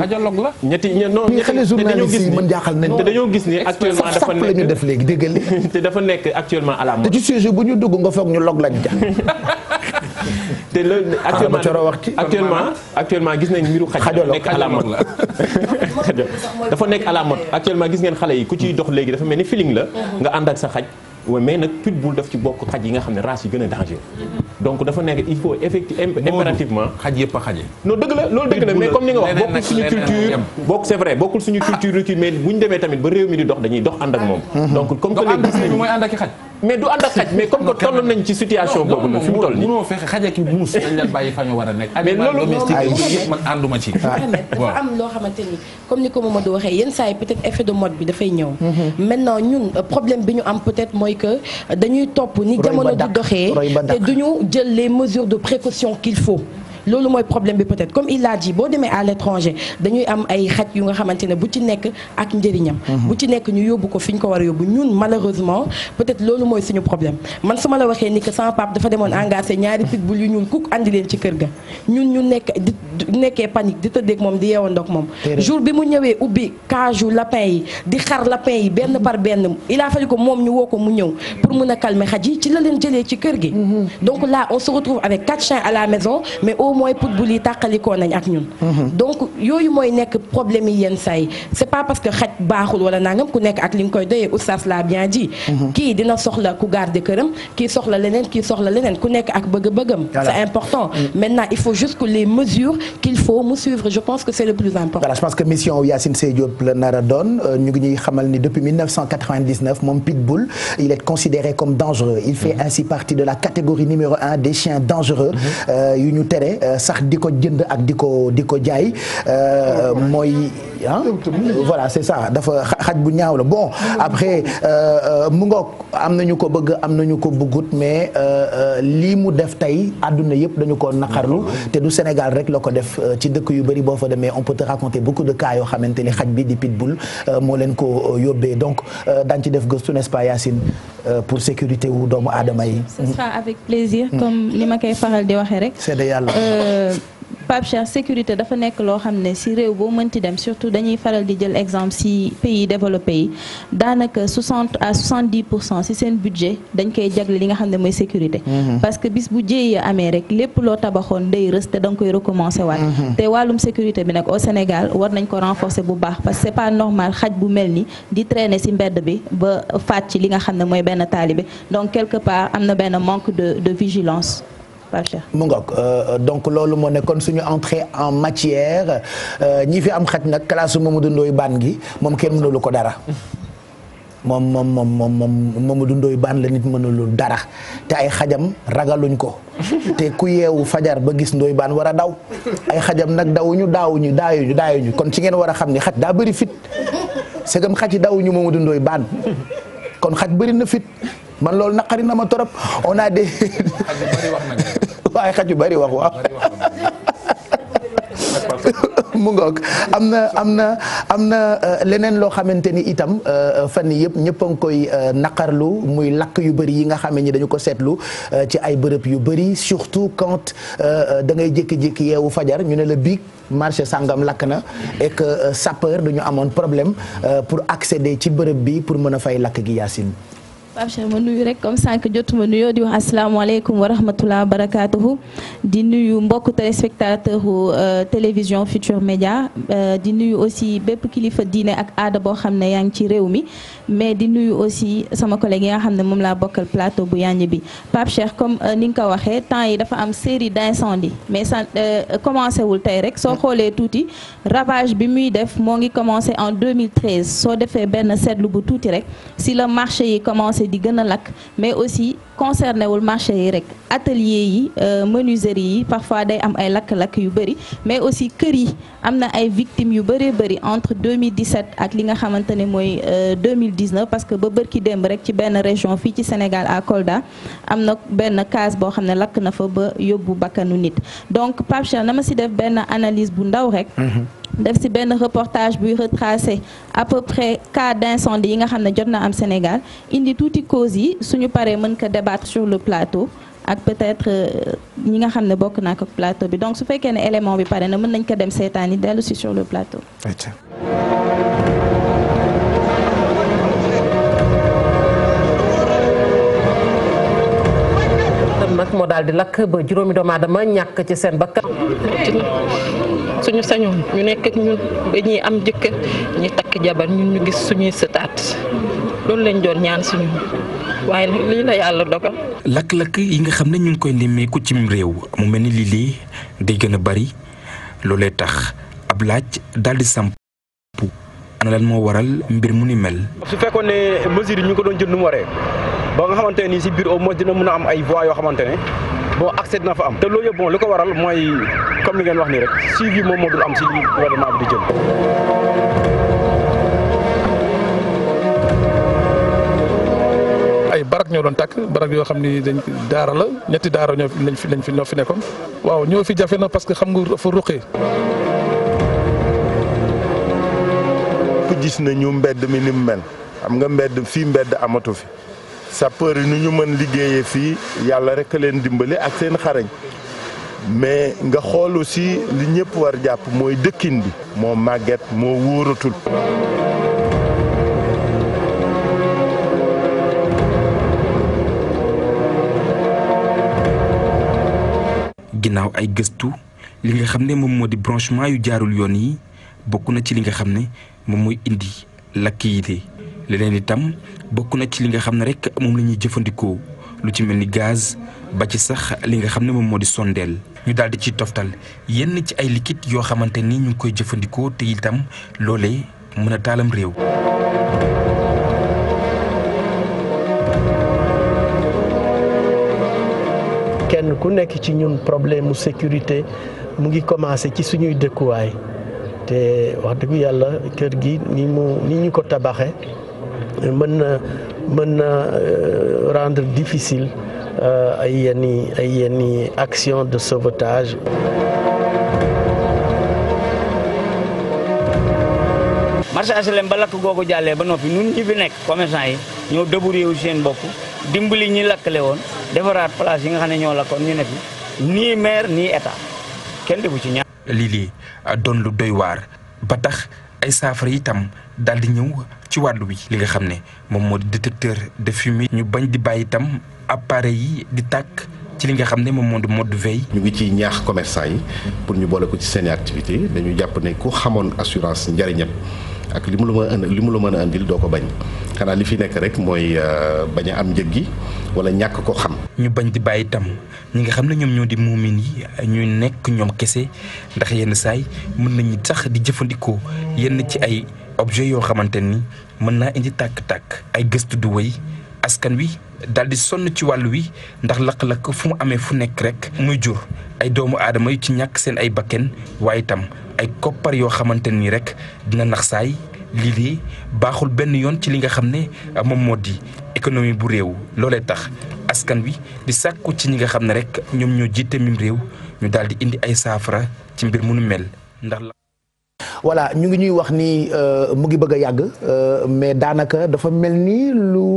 xajaloog la ñetti non xale journaliste yi mën jaaxal te dañoo gis ni actuellement dafa nekk la ñu def léegi déggal te dafa actuellement te ci sujet bu ñu dugg nga foog ñu log lañ ja te loolu actuellement actuellement actuellement gis nañ mbiru xajo nekk à la mode dafa nekk à la mode actuellement gis ngeen xale yi ku ciy dox léegi dafa mel ni feeling la mm-hmm. nga ànd ak sa xaj oui mais nag pitbull daf ci bokk xaj yi nga xam ne race yi gën a danger. donc dafa nekk il faut effectivement impérativement. xaj yëpp a xaje. non dëgg la loolu dëgg la mais comme ni nga wax bokkul suñu culture. bokk c'est bokkul suñu culture rek mais bu ñu demee tamit ba réew mi di dox dañuy dox ànd ak ah. moom. Mhm. donc comme comme a nekk mais ah. yenn saa yi peut-être effet de mode bi dafay ñëw mhm. maintenant ñun euh, problème bi ñu am peut-être mooy mooy que dañuy topp ni jamono di doxee te duñu jël les mesures de précaution qu'il faut loolu mooy problème bi peut-être comme il l'a dit boo demee à l'étranger dañuy am ay xaj yu nga xamante ne bu ci nekk ak njëriñam mhm. bu ci nekk ñu yóbbu ko fi ñu ko war a yóbbu ñun malheureusement peut-être loolu mooy suñu problème man su ma la waxee ni que sama pap dafa demoon engagé ñaari pitbull yu ñuul kuk andi leen ci kër ga ñun ñu nekk di nekkee panique di tëddeeg moom di yeewandoog moom jour bi mu ñëwee ubbi cage lapin yi di xar lapin benn par benn il a fallu ko moom ñu ko mu ñëw pour mun a calmer xaj yi ci la leen jëlee ci kër gi mhm. donc là on se retrouve avec quatre chiens à loolu mooy pitbull yi tàqalikoo ak ñun. Mhm. donc yooyu mooy nekk problème yi yenn saa yi pas parce que xaj baaxul wala nangam ku nekk ak li nga koy doyee oustaz la bien dit. Mhm. kii dina soxla ku garder këram kii soxla leneen ku nekk ak bëgg-bëggam. c' est important mhm. maintenant il faut juste que les mesures qu' faut mu suivre je pense que c' le plus important. je pense que mission Yacine Seye Diop la nar a doon euh, xamal ni depuis 1999 pitbull il est considéré Euh, sax di ko jënd ak di ko di ko jaay euh, mooy ah voilà c'est ça dafa xaj bu ñaaw la bon après euh, mu ngoog am nañu ko bëgg am nañu ko bëggut mais lii mu def tey àdduna yëpp dañu ko naqarlu te du Sénégal rek la ko def ci dëkk yu bëri boo fa demee on peut te raconter beaucoup de cas yoo xamante ni xaj bi di pitbull moo leen ko yóbbee donc dañ ci def gëstu n'est-ce pas Yacine pour sécurité wu doomu aadama yi. ce sera avec plaisir. comme mm. ni ma koy faral di waxee rek. c'est Euh, Pape Cheikh sécurité dafa nekk loo xam ne si réew boo mënti dem surtout dañuy faral di jël exemple si pays développé yi daanaka 60 à 70 pour cent si seen budget dañ koy jagle li nga xam ne mooy sécurité. Mhm. parce que bis bu jéeyee amee rek lépp loo tabaxoon day rës te da koy recommencer waat. Mhm. te wàllum sécurité bi nag au Sénégal war nañ ko renforcer bu baax parce que c'est pas normal xaj bu mel ni di traîner si mbedd bi ba faat ci li nga xam ne mooy benn taalibe donc quelque part am na benn manque de de vigilance. mu ngoog euh, euh, donc loolu moo nekkoon suñu entrée en matière euh, ñi fi am xaj nag classe Mamadou Ndoye Bane gi moom kenn mënulu ko dara moom moom moom moom Mamadou Ndoye Bane la nit mënulu dara te ay xajam ragaluñ ko te ku yeewu fajar ba gis Ndoye Bane war a daw ay xajam nag dawuñu daawuñu daayuñu daayuñu kon ci ngeen war a xam ni xaj daa bëri fit segam xaj yi dawuñu Mamadou Ndoye Bane kon xaj bëri na fit man loolu naqari na ma torop on a des ay xaj yu bari wax waaw mu ngoog am na am na am na euh, leneen loo xamante ni itam euh, fan yii yëpp ñëpp a koy euh, naqarlu muy lakk yu bëri yi nga xame ni dañu ko seetlu ci ay bërëb yu bëri surtout quand da ngay jékki-jékki yeewu fajar ñu ne la biig marché sangam lakk na et que sapeur dañu amoon problème pour accéder ci bërëb bi pour mën a fay lakk gi Yacine. Pape Cheikh ma nuyu rek comme sànq jotuma nuyoo di wax asalaamaaleykum wa rahmatulah barakaatuhu di nuyu mbokk téléspectateur euh, télévision Futur Média euh, di nuyu aussi bépp kilifa diine ak aada boo xam ne yaa ngi ci réew mi mais di nuyu aussi sama collègue yi nga xam ne moom laa bokkal plateau bu yànj bi Pape Cheikh comme euh, ni nga ko waxee temps yi dafa am série d'incendie mais ça commencé wul tey rek soo xoolee tuuti ravage bi muy def moo ngi commencé en 2013 soo defee benn seetlu bu tuuti rek commencé di gën a lakk mais aussi concerné wul marché yi rek atelier yi euh, menuiserie yi parfois day am ay lakk-lakk yu bari mais aussi kër yi am na ay victimes yu bëree bëri entre 2017 ak li nga xamante ne mooy 2019 euh, parce que ba bërki dem rek ci benn région fii ci Sénégal à Kolda am na benn case boo xam ne lakk na fa ba yóbbu bakkanu nit donc Pape Cheikh na ma si def benn analyse bu ndaw rek mhm. def ci benn reportage buy retracé à peu près cas d'incendie yi nga xam ne jot na am Sénégal indi tuuti causes yi suñu paree mën ko débattre sur le plateau ak peut euh, ñi nga xam ne bokk naa ko plateau bi donc su fekkee ne élément bi pare na mën nañ ko dem seetaan yi dellu si sur le plateau. nag moo daal di lakk ba juróomi doomu ñàkk ci seen bakkan suñu sañoon ñu nekk ak ba ñuy am jëkkër ñi takk jabar ñu ñu gis suñuy sëtaat loolu lañ doon ñaan suñu waaye nag lii la yàlla dogal. lakk-lakk yi nga xam ne ñu ngi koy nemmeeku cim réew mu mel ni lii lii day gën a bari loolee tax ab laaj daal di samp ana lan moo waral mbir mu ni mel. su fekkoon ne mesures ñu ngi ko doon jël nu mu waree ba nga xamante nii si biir au moins dina mën a am ay voies yoo xamante ne. bon accès dina fa am te lool yëpp bon li ko waral mooy comme li ngeen wax nii rek suivi moom moo dul am si gouvernement bi di jël. ay barak ñoo doon tàkk barak yoo xam ni dañ daara la ñetti daara ñoo fi lañ fi ñoo fi nekkoon waaw ñoo fi jafe na parce que xam nga fa ruqee gis nañu mbedd mi ni mu mel xam nga mbedd fii mbedd amatu fi sapeur yi nu ñu mën liggéeye fii yàlla rek a leen dimbali ak seen xarañ mais nga xoolu si li ñëpp war jàpp mooy dëkkin bi moo màgget moo wóoratul ginnaaw ay gëstu li nga xam ne moom moo di branchement yu jaarul yoon yi bokk na ci li nga xam ne moom mooy indi lakk yi de leneen itam bokk na ci li nga xam ne rek moom la ñuy jëfandikoo lu ci mel ni gaz ba ci sax li nga xam ne moom moo di sondeel ñu daal di ciy toftal yenn ci ay liquide yoo xamante ni ñu ngi koy jëfandikoo te itam loolee mën a taalam réew ku nekk ci ñun problème mu sécurité mu ngi commencé ci suñuy dëkkuwaay te wax dëgg yàlla kër gi ni mu ni ñu ko tabaxee mën na mën na euh, rendre difficile euh, ay yenn ay yenn action de sauvetage. marché HLM ba lakk googu jàllee ba noppi ñun ñi fi nekk commerçant yi ñoo débrouillé wu seen dimbali ñi lakkale woon defaraat place yi nga xam ne ñoo lakkoon ñu ne fi nii maire nii état kenn defu ci ñaar. lii lii doon lu doy waar ba tax ay saafara itam daal di ñëw ci wàllu wi li nga xam ne moom moo di détecteur de fumée. ñu bañ di bàyyi itam appareil yi di tàkk. ci li nga xam ne moom moo di mode veille. ñu ngi ciy ñaax commerçant yi pour ñu boole ko ci seen activité dañu jàpp ne ku xamoon assurance njariñam ak li mu la mën a li mu la mën a andil doo ko bañ xanaa li fi nekk rek mooy euh, bañ a am njëg gi wala ñàkk ko xam. ñu bañ di bàyyi tam ñi nga xam ne ñoom ñoo di muumin yi ñuy nekk ñoom kese ndax yenn saay mën nañu sax di jëfandikoo yenn ci ay objet yoo xamante ni mën naa indi tàkk-tàkk ay gëstu du wéy askan wi daal di sonn ci wàll wi ndax lakk-lakk fu mu amee fu nekk rek muy jur ay doomu aadama yu ci ñàkk seen ay bakken waaye itam ay koppar yoo xamante ni rek dina nax saay lii lii baaxul benn yoon ci li nga xam ne moom moo di économie bu réew loolee tax askan wi di sàkku ci ñi nga xam ne rek ñoom ñoo jiite mim réew ñu daal di indi ay saafara ci mbir mu nu mel ndax voilà ñu ngi ñuy wax ni euh, mu ngi bëgg a yàgg euh, mais daanaka dafa mel ni lu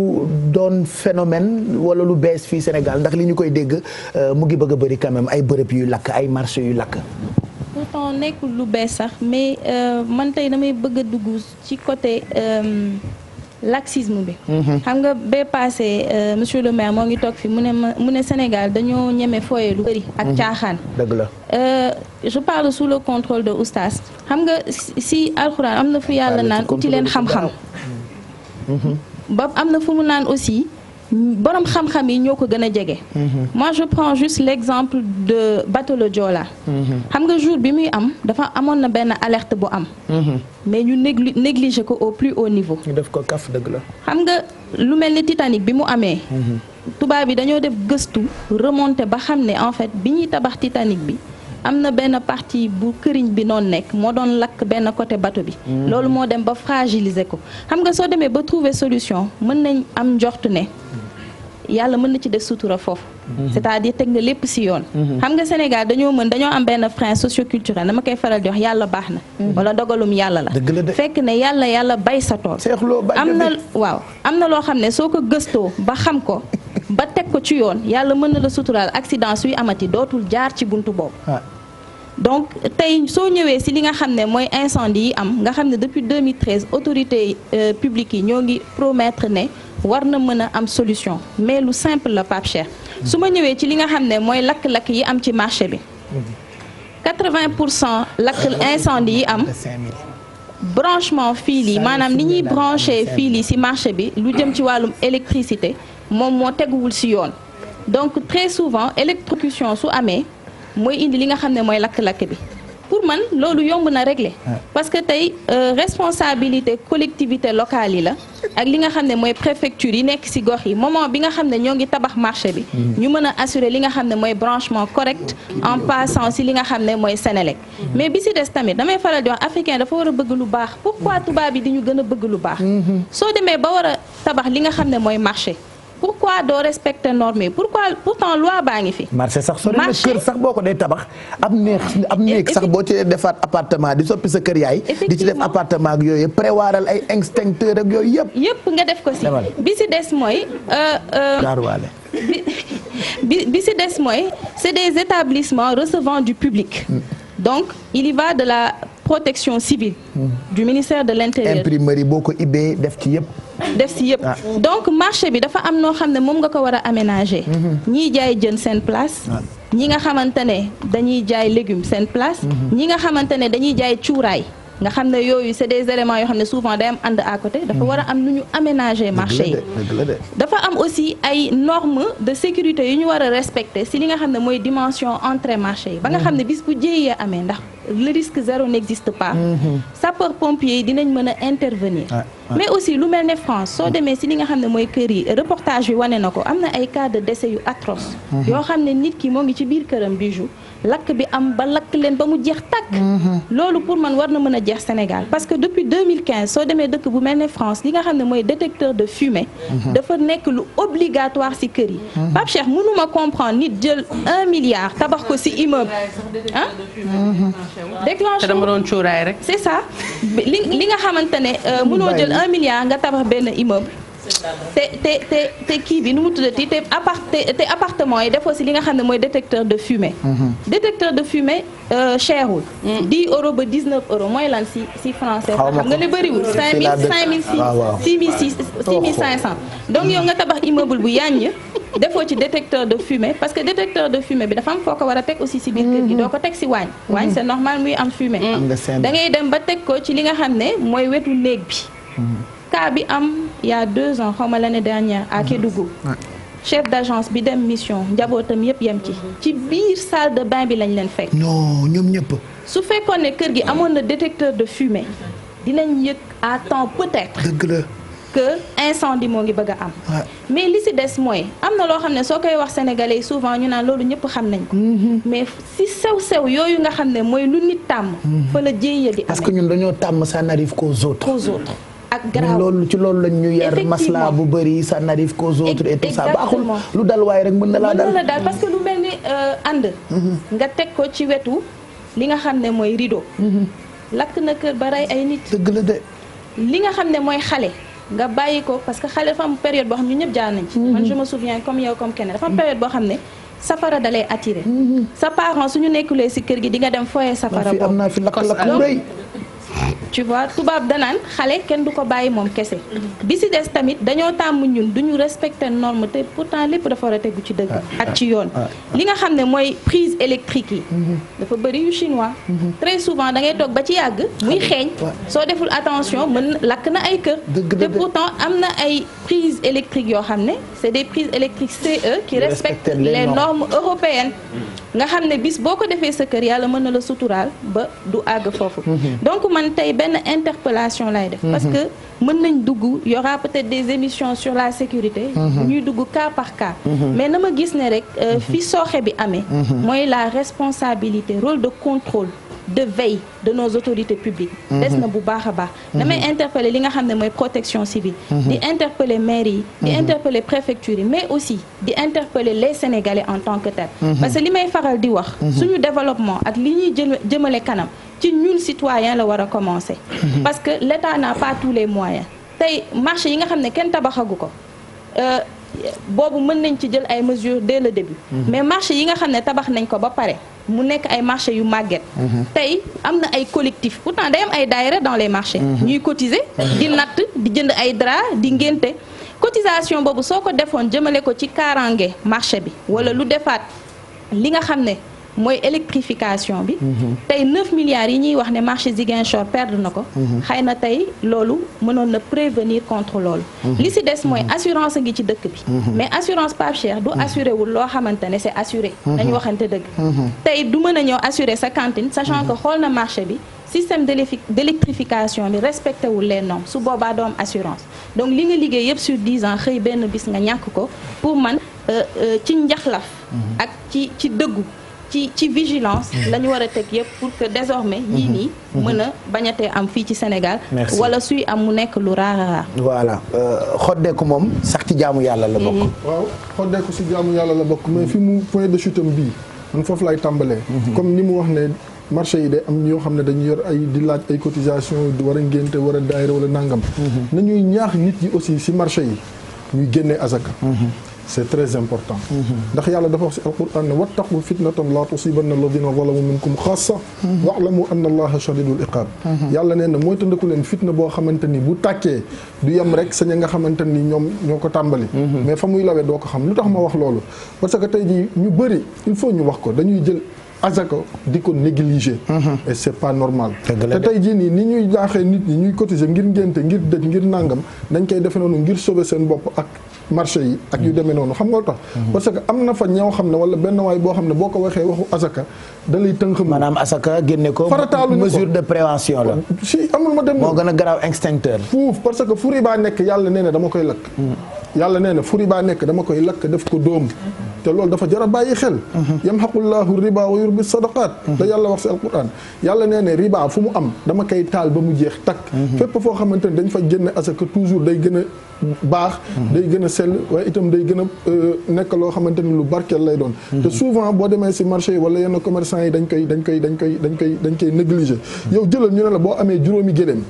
doon phénomène wala lu bees fii Sénégal ndax li ñu koy dégg euh, mu ngi bëgg a bëri quand ay bërëb yu lakk ay marché yu lakk. pourtant nekkul lu bees sax mais man tey damay bëgg a dugg ci côté. laxisme bi. Mhm. xam nga bee passé euh, monsieur le maire moo ngi toog fi mu ne ma mu ne Sénégal dañoo ñeme fooye lu bëri. ak mhm. caaxaan. dëgg la euh, je parle sous le contrôle de oustaz xam nga si alxuraan am na fu yàlla naan uti leen xam-xam. Mhm. ba am na fu mu naan aussi. borom xam-xam yi ñoo ko gën a jege. Mhm. moi je prends juste l' exemple de bateau le Joola. Mhm. xam nga jour bi muy am dafa amoon na benn alerte bu am. Mhm. mais ñu négli négliger ko au plus haut niveau. ñu def ko kaf dëgg la. xam nga lu mel ni Titanic bi mu amee. tubaab yi dañoo def gëstu remonté ba xam ne en fait bi ñuy tabax Titanic bi. am na benn partie bu këriñ bi noonu nekk moo doon lakk benn côté bateau bi. loolu moo dem ba fragiliser ko xam nga soo demee ba trouver solution mën nañ am njort yàlla mën na ci def sutura foofu. Mhm. cest à teg na lépp si yoon. Mhm. xam nga Sénégal dañoo mën dañoo am benn frein socioculturel dama koy faral jox yàlla baax na. Mhm. wala dogalum yàlla la. fekk ne yàlla yàlla bay sa tool. am na waaw am na loo xam ne soo ko gëstoo ba xam ko. ba teg ko ci yoon yàlla mën na la suturaal accident suy amati dootul jaar ci bunt boobu. Ah. donc tey soo ñëwee si li nga xam ne mooy incendie yi am nga xam ne depuis 2013 autorités euh, publiques yi ñoo ngi promettre ne. war na mën a am solution mais lu simple la Pape Cheikh su ma ñëwee ci li nga xam ne mooy lakk-lakk yi am ci marché bi 80 pour cent lakk incendie yi am branchement fil yi maanaam ni ñuy branché fil yi ci marché bi lu jëm ci wàllum électricité moom moo teguwul ci yoon donc très souvent électrocution su amee mooy indi li nga xam ne mooy lakk-lakk bi pour man loolu yomb na régler parce que tey euh, responsabilité collectivité locale yi la ak li nga xam ne mooy préfecture yi nekk ci gox yi moment bi nga xam ne ñoo ngi tabax marché bi mm. ñu mën a assurer li nga xam ne mooy branchement correct en passant ci li nga xam ne mooy Senelec mm. mais bi ci des tamit damay faral di wax africain dafa war a bëgg lu baax pourquoi mm. tubaab yi di ñu gën a bëgg lu baax mm-hmm. soo demee ba war a tabax li nga xam ne mooy marché pourquoi doo respecter norme yi pourquoi pourtant loi baa ngi fi. marché sax sori na sax boo ko dee tabax. am néeg am néeg sax boo ci defaat appartement di soppi sa kër yaay. di ci def appartement ak yooyu préwaaral ay ak yooyu yëpp. yëpp nga def ko si bi si des mooy. gaaruwaale. Euh, euh, bi si des mooy c'est des établissements recevant du public. Mm. donc il y va de la protection civile. Mm. du ministère de l'intérieur imprimerie boo ko ibbee def ci yëpp. def si yëpp ah. donc marché bi dafa am noo xam ne moom nga ko war a aménager mm-hmm. ñiy jaay jën seen place ah. ñi nga xamante ne dañuy jaay légumes seen place mm-hmm. ñi nga xamante ne dañuy jaay cuuraay nga xam ne yooyu c'est des éléments yoo xam ne souvent day am ànd à côté. dafa hmm. war a am nu ñu aménager marché yi. dafa am aussi ay normes de sécurité yu ñu war a respecter si li nga xam ne mooy dimension entrée marché yi. ba nga xam ne hmm. bis bu jéeyee amee ndax le risque zéro n'existe pas. Hmm. sapor pompier yi dinañ mën a intervenir. Ah, ah. mais aussi lu mel ne France soo demee si li nga xam ne mooy kër yi reportage bi wane na ko am na ay cas de décès yu atroces. yoo xam ne nit ki moo ngi ci biir këram du jour. lakk bi am ba lakk leen ba mu jeex tàkk. Mhm. loolu pour man war na mën a jeex Sénégal parce que depuis 2015 soo demee dëkk bu mel ni France li nga xam ne mooy détecteur de fumée. Mhm. dafa nekk lu obligatoire ci kër yi. Mhm. Pape Cheikh mënu ma comprendre nit jël un milliard tabax ko ci immeuble ah. déclenché dama doon cuuraay rek. c'est ça li li nga xamante ne euh, mënoo jël un milliard nga tabax benn immeuble. te te te kii bi nu mu tuddati te appart te appartement yi def si li nga xam ne mooy détecteur de fumée. Mhm. détecteur de fumée euh, cherul. Mhm. di euros ba 19 euros mooy lan si si français. nga ne bëriwul 5000 5000 6000 6500. donc yow nga tabax immeuble bu yàññ. defoo ci détecteur de fumée parce que détecteur de fumée bi dafa am foo ko war a teg aussi si biir kër gi mhm. doo ko teg si waañ. waañ c'est normal muy am fumée. da ngay dem ba teg ko ci li nga xam ne mooy wetu léeg bi. cas bi am il y a deux ans xaw ma l'année dernière à Kédougou chef d'agence bi dem mission njabootam yëpp yem ci ci biir salle de bain bi lañ leen fekk. non ñoom ñëpp. su fekkoon ne kër gi amoon na détecteur de fumée dinañ yëg à temps peut-être. dëgg la. que incendie moo ngi bëgg a am. mais li si des mooy am na loo xam ne soo koy wax sénégalais yi souvent ñu naan loolu ñëpp xam nañ ko. Mm-hmm. mais si sew sew yooyu nga xam ne mooy lu nit tàmm. Mm-hmm. fa la jéeya di amee parce que ñun dañoo tàmm ça n'arrive qu'aux autres. qu'aux ak garaaw loolu ci loolu lañ ñu yar masla bu bëri ça n'arrive qu'aux autres et tout ça baaxul lu dal waaye rek mën na laa dal mën na la dal parce que lu mel ni euh, ànd mhm. nga teg ko ci wetu li nga xam ne mooy rideau mhm. lakk na kër ba rey ay nit dëgg la de li nga xam ne mooy xale nga bàyyi ko parce que xale dafa am période boo xam ñu ñëpp jaar nañ ci man mhm. je me comme yow comme keneen dafa am période boo xam ne safara dalay attiré sa parent suñu nekkulee si kër gi di nga dem foyee safara tu vois tubaab danaan xale kenn du ko bàyyi moom kese. bi si des tamit dañoo tàmm ñun du ñu respecter norme te pourtant lépp dafa war tegu ci dëgg. Ah, ak ci ah, yoon ah, li nga xam ne mooy prise électrique yi. Mhm. dafa bëri yu chinois. Mhm. très souvent da ngay toog ba ci yàgg muy xeeñ. soo deful attention mën lakk na ay kër. te pourtant am na ay prises électriques yoo xam ne c' est des prises électriques CE qui respectent les normes européennes. nga xam ne bis boo ko defee sa kër yàlla mën na la suturaal ba du àgg foofu. Mhm. tey benn interpellation lay def parce que mën nañ dugg y aura des émissions sur la sécurité mhm. ñuy dugg cas par cas mhm. mais na ma gis ne rek euh, mhm. fi sooxe bi amee mooy la responsabilité rôle de contrôle de veille de nos autorités publiques des na bu baax a baax damay interpeller li nga xam ne mooy protection civile di interpeller maire yi di interpeller préfecture yi mais aussi di interpeller les sénégalais en tant que tel parce que li may faral di wax suñu développement ak li ñuy jëmale kanam ci ñun citoyen la war a commencer. Mhm. parce que l'État n'a pas tous les moyens. tey marché yi nga xam ne kenn tabaxagu ko euh, boobu mën nañ ci jël ay mesures dès le début. Mhm. mais marché yi nga xam ne tabax nañ ko ba pare mu nekk ay marché yu màgget. Mhm. tey am na ay collectif pourtant day am ay daayira dans les marchés. ñuy cotiser di natt di jënd ay drap di ngénte cotisation boobu soo ko defoon jëmale ko ci kaaraange marché bi wala lu defaat li nga xam ne. mooy électrification bi. tey 9 milliards yi ñuy wax ne marché Ziguinchor perdre na ko. xëy na tey loolu mënoon na prévenir contre loolu. li si des mooy assurance ngi ci dëkk bi. mais assurance pas chère du assuré wul loo xamante ne c'est assuré. dañu waxante dëgg. tey du mën a ñëw assuré sa cantine sachant que xool na marché bi. système d'électrification bi respecté wul les normes su boobaa doom assurance donc li nga liggéey yëpp sur 10 ans xëy benn bis nga ñàkk ko pour man euh, euh, ci njaxlaf ak ci ci dëggu ci ci vigilance mm. la ñu war a teg yëpp pour que désormais yii mm-hmm. nii mm-hmm. mën a bañatee am fii ci Sénégal wala suy am mu nekk lu raara voilà euh, xoddeeku moom sax ci jaamu yàlla la bokk mm-hmm. waaw xoddeeku si jaamu yàlla la bokk mais fi mu point de chute am bii man foofu lay tàmbalee comme ni mu wax ne marché yi de am yoo xam ne dañu yor ay di laaj ay cotisation war a ngénte war a daayira wala nangam nañuy ñaax nit yi aussi si marché yi ñuy génnee azaka c'est très important ndax yàlla dafa wax si alquran fitnatan la tusibanna alladina zalamu minkum xaasa wa'lamu anna allaha shadidul iqab yàlla nee mooy tëndaku fitna boo xamante bu tàkkee du yem sa ña nga ñoom ñoo ko tàmbali mais fa muy lawee doo ko xam lu tax ma wax loolu parce que tey jii ñu bëri il faut ñu wax ko dañuy jël asaka di ko négliger. Mhm. et c' est pas normal. te tey jii nii ni ñuy daaxee nit ñi ñuy cotiser ngir ngénte ngir dëj ngir nàngam dañ koy defe noonu ngir sauver seen bopp ak marché yi ak yu mhm. demee noonu xam nga lu tax. Mhm. parce que am na fa ñoo xam ne wala benn waay boo xam ne boo ko waxee waxu asaka da lay tënk. maanaam asaka génne ko farataaluñu ko mesure de prévention la. si amul ma dem moo gën a garaaw extincteur. fuuf parce que fu ribaa nekk yàlla nee na dama koy lakk. yàlla nee na fu ribaa nekk dama koy lakk def ko dóom te loolu dafa jar a bàyyi xel yamxaqullahu riba wa yurbi sadaqaat da yàlla wax si alquran yàlla nee ne riba fu mu am dama koy taal ba mu jeex takk fépp foo xamante ne dañ fa génne asaka toujours day gën a baax day gën a sell waaye itam day gën a euh, nekk loo xamante ni lu barkeel lay doon te souvent boo demee si marché yi wala yenn commerçant yi dañ koy dañ koy dañ koy dañ koy dañ koy négliger yow jëlal ñu ne la boo amee juróomi géléem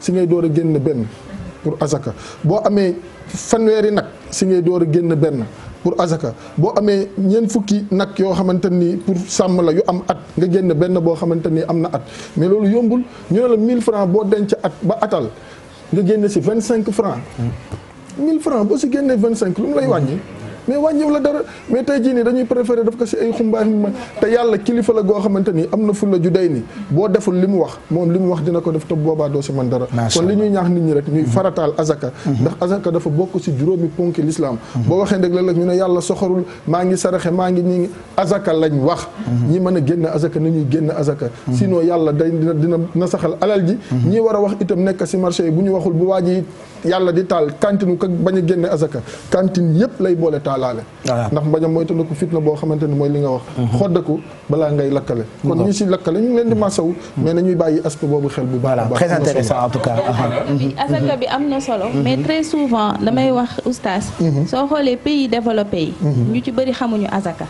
si ngay door a génn benn pour asaka boo amee fanweeri nag si ngay door a génn benn pour azaka boo amee ñeent fukki nag yoo xamante ni pour sàmm la yu am at nga génn benn boo xamante ni am na at mais loolu yombul ñu ne la 1000 francs boo denc at ba atal nga génn si 25 francs mm. mille francs boo si génnee cinq lu mu lay wàññi. mais wàññiw la dara mais tey jii nii dañuy préféré daf ko si ay xumbaax ma te yàlla kilifa la goo xamante ni am na fulla ju day ni boo deful li mu wax moom li mu wax dina ko def te boobaa doo si man dara kon li ñuy ñaax nit ñi rek ñuy farataal azaka mhm. ndax azaka dafa bokk si juróomi ponki lislaam mhm. boo waxee ndeg léeg-léeg ñu ne yàlla soxorul maa ngi saraxe maa ngi ñi ngi azaka lañ wax mhm. ñi mën a génn azaka na ñuy génn azaka noo yàlla day dina dina nasaxal alal ji ñi war wax itam nekk si marché yi bu ñu waxul bu waa ji yàlla di taal cantine ko bañ a génne azaka cantine yëpp lay boole taalaale ah. ndax mbañ a moytandiku fitna boo xamante ni mooy li nga wax mhm. xoddaku balaa ngay lakkale kon ñu si lakkale ñu ngi leen di masawu mais nañuy bàyyi aspect boobu xel bu baax très intéressant mhm. bi am na solo mhm. mais très souvent damay wax oustaz soo xoolee pays développé yi ñu ci bëri xamuñu azaka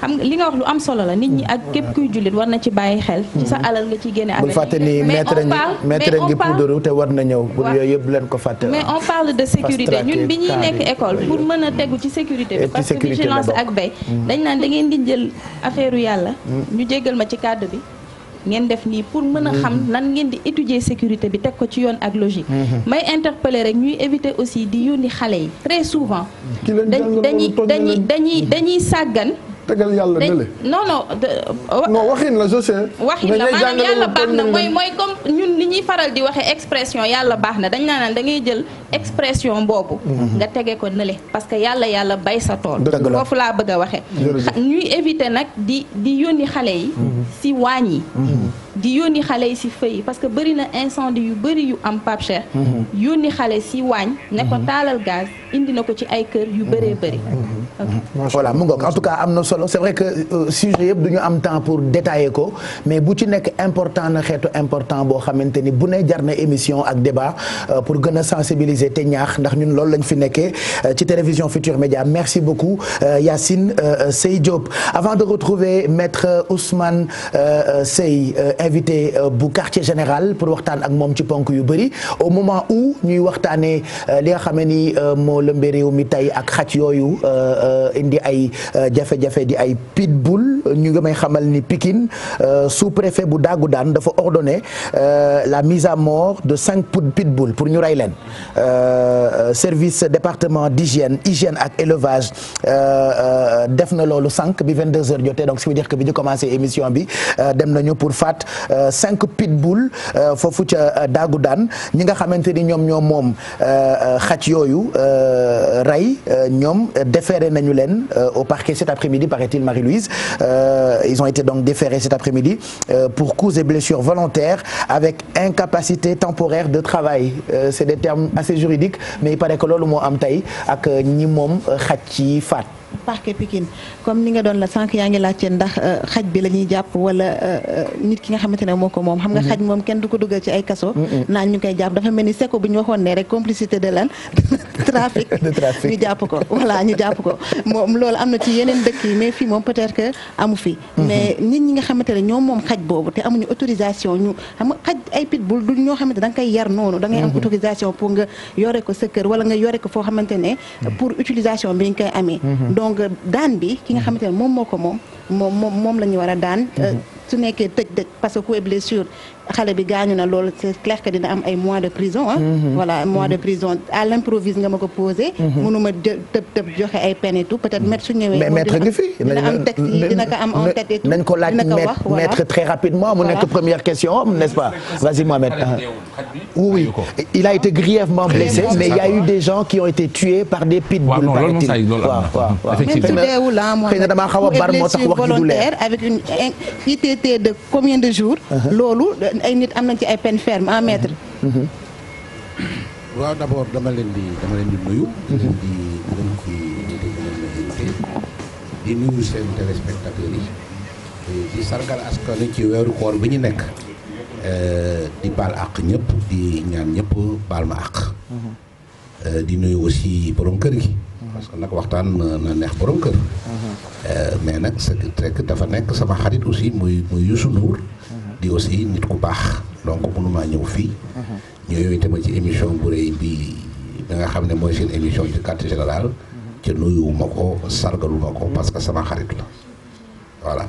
xam nga li nga wax lu am solo la nit ñi ak képp kuy jullit war na ci bàyyi xel. ci mm-hmm. sa alal nga ciy génne. bul fàtte ni maître ngi maître te war na ñëw. bu yooyu yëpp leen ko fàtte. mais on parle de sécurité ñun bi ñuy nekk école pour mën a tegu ci sécurité bi. parce que vigilance ak bay mm. dañ naan da ngeen di jël affaire yàlla. Mm. ñu jéggal ma ci kàddu bi. ngeen def nii pour mën a xam mm. nan ngeen di étudier sécurité bi teg ko ci yoon ak logique. Mm-hmm. may interpeller rek ñuy éviter aussi di yónni xale yi très souvent. dañuy dañuy dañuy dañuy sàggan. tegal yàlla nële. non non waxin la je waxin la maanaam yàlla baax na mooy mooy comme ñun li ñuy faral di waxee expression yàlla baax na dañ naan da ngay jël expression boobu. Mhm. nga tege ko nële parce que yàlla yàlla bay sa tool. foofu laa bëgg a waxee. ñuy éviter nag di di yónni xale yi. Mhm. si waañ yi. Mhm. di yónni xale yi si fëy parce que bëri na incendie yu bëri yu am Pape Cheikh mhm. yónni xale si waañ ne ko mhm. taalal gaz indi na ko ci ay kër yu bëree mhm. bëri voilà mu ngoog en tout cas am na solo c'est vrai que euh, sujet yëpp du ñu am temps pour détailler ko mais bu ci nekk important na xeetu important boo xamante ni bu ne jar na émission ak débat euh, pour gën a sensibiliser te ñaax ndax ñun loolu lañ fi nekkee euh, ci télévision Futur Média merci beaucoup Yacine Sey Diop avant de retrouver maître Ousmane Sey invité euh, bu quartier général pour waxtaan ak moom ci ponk yu bëri au moment ñuy waxtaanee euh, li nga xam ni euh, moo lëmbee réew mi tey ak xaj yooyu indi ay jafe-jafe di ay pitbull ñu ngi may xamal ni pikin euh, sous-préfet bu daggu daan dafa ordonné euh, la mise à mort de cinq pitbull pour ñu rey leen euh, service département d'hygiène hygiène ak élevage def na loolu sànq bi 22 heures jotee donc ce qui veut dire que bi ñu commencé émission bi dem nañu pour faat cinq pitbull foofu ca daggu daan ñi nga xamante ni ñoom ñoom moom xaj yooyu rey ñoom déféré nañu leen au parquet cet après-midi paraît-il Marie-Louise Euh, ils ont été donc déférés cet après-midi euh, pour coups et blessures volontaires avec incapacité temporaire de travail euh, c'est des termes assez juridiques mais il paraît que loolu moo am tey ak ñi moom xaj parquet Pikine comme ni nga doon la sànq yaa ngi laajte ndax euh, xaj bi la ñuy jàpp wala euh, nit ki nga xamante ne moo ko moom xam nga mm-hmm. xaj moom kenn du ko dugal ci ay kaso naan ñu koy jàpp dafa mel ni seko bu ñu waxoon ne rek complicité lan trafic ñu jàpp ko voilà ñu jàpp ko moom loolu am na ci yeneen dëkk yi mais fii moom peut-être que amu fi mm-hmm. mais nit ñi nga xamante ne ñoom moom xaj boobu te amuñu autorisation ñu xam nga xaj ay pitbull du ñoo xamante da nga koy yar noonu da ngay am mm-hmm. autorisation pour nga yore ko sa wala nga yore ko foo xamante ne pour utilisation bi nga koy amee donc euh, daan bi ki nga mm. xamante ne moom moo ko moom moom moom la ñu war a daan euh, mm-hmm. su nekkee tëj dëj parce que ku blessure xale bi gaañu na loolu c' est clair que dina am ay mois de prison ah. voilà mois de mm-hmm. prison à l' improvise nga ma ko posé. mënuma mm-hmm. tëb tëb joxe ay peine et tout peut être maître su ñëwee. mais maître ngi fi dina am texte yi dina ko am en tête et tout nañ ko laaj maître très rapidement mu nekk première question n' est ce pas vas-y Mohamed. Ah. oui il a été grièvement blessé mais il y a eu des gens qui ont été tués par des pitbulls. waaw loolu moom loolu am na effectivement xëy na damaa xaw a bar moo tax wax ji du leer avec une ITT de combien de jours. Uh-huh. loolu ay nit am nañ ci ay peine ferme mm-hmm. waaw d' abord dama leen di dama leen di nuyu. Mm-hmm. di leen di yi di sargal askan ci weeru koor bi ñu nekk. Euh, di baal àq ñëpp di ñaan ñëpp baal ma àq. Mm-hmm. Euh, di nuyu aussi borom kër gi. parce que nag waxtaan na neex borom kër. Euh, mais nag sa rek dafa nekk sama xarit aussi muy muy Youssou di aussi nit ku baax donc mënumaa ñëw fii. Mhm. ñooñu tamit ci émission bu rëy bi da nga xam ne mooy seen émission ci quartier général. Mhm. ca nuyuwuma ko sargaluma ko mhm. parce que sama xarit la voilà.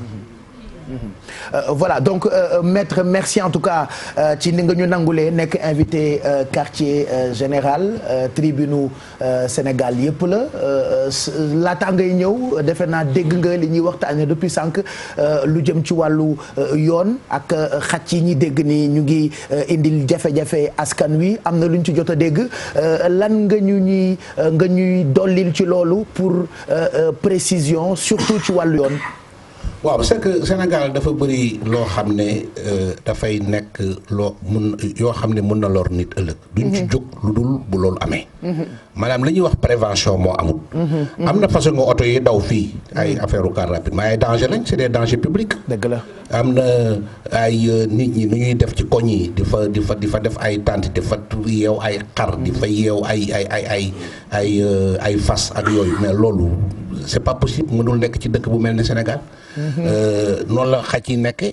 Euh, voilà donc euh, euh, maître merci en tout cas ci ni nga ñu nangulee nekk invité quartier général tribunu Sénégal yëpp la laata ngay ñëw defe naa dégg nga li ñuy waxtaanee depuis sànq lu jëm ci wàllu yoon ak xaj yi ñuy dégg ni ñu ngi indil jafe-jafe askan wi am na lu ñu ci jot a dégg lan nga ñu ñuy nga ñuy dollil ci loolu pour précision surtout ci wàllu yoon. waaw parce que Sénégal dafa bëri loo xam ne euh, dafay nekk loo mun yoo xam ne mun na lor nit ëllëg. duñ ci mhm. jóg lu dul bu loolu amee. maanaam li ñuy wax prévention moo amul. Mhm. am na façon nga oto yi daw fii ay mhm. affaire u car rapide mais ay danger lañ c'est des dangers publics. la am na ay euh, nit ñi nu ñuy def ci koñ yi di fa di fa di fa def ay tànt di fa yeew ay xar di fa yeew ay ay ay ay ay euh, ay fas ak yooyu mais loolu c'est pas possible mënul nekk ci dëkk bu mel ni Sénégal. Mhm. Euh, noonu la xaj yi nekke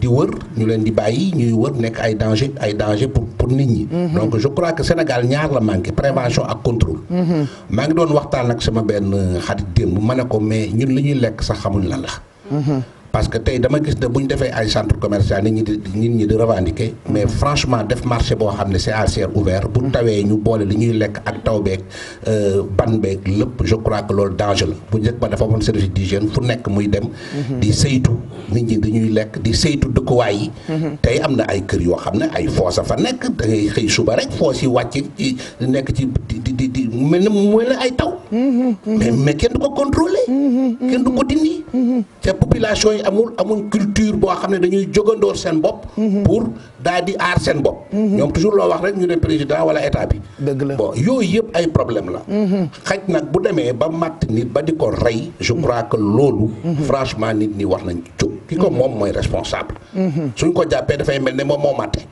di wër ñu leen di bàyyi ñuy wër nekk ay danger ay danger pour pour nit ñi. donc je crois que Sénégal ñaar la manqué. ma ak contrôle. Mhm. maa ngi doon waxtaan ak sama benn xarit démb ma ne ko mais ñun li ñuy lekk la. Mhm. parce que tey dama gis ne bu ñu defee ay centre commercial nit ñi di nit ñi di revendiquer mais franchement def marché boo xam ne c'est ouvert bu tawee ñu boole li ñuy lekk ak taw beeg euh, ban beeg lépp je crois que loolu danger la bu njëkk ba dafa amoon service d'hygiène fu nekk muy dem mhm. di saytu nit ñi dañuy lekk di saytu dëkkuwaay yi mhm. tey am na ay kër yoo xam ne ay foos fa nekk da ngay xëy suba rek foos yi wàcc ci nekk ci di di di mel ne mooy la ay taw mhm. mais mais kenn du ko yi amul amuñ culture boo xam ne dañuy jógandoor seen bopp. Mhm. pour daal di aar seen bopp. Mhm. ñoom toujours loo wax rek ñu ne président wala état bi. dëgg la bon yooyu yëpp ay problème la. Mhm. xaj nag bu demee ba matt nit ba di ko rey. je crois que loolu. franchement nit ñi war nañ jóg. ki ko moom mooy responsable. suñ ko jàppee dafay mel ne moom moo matte.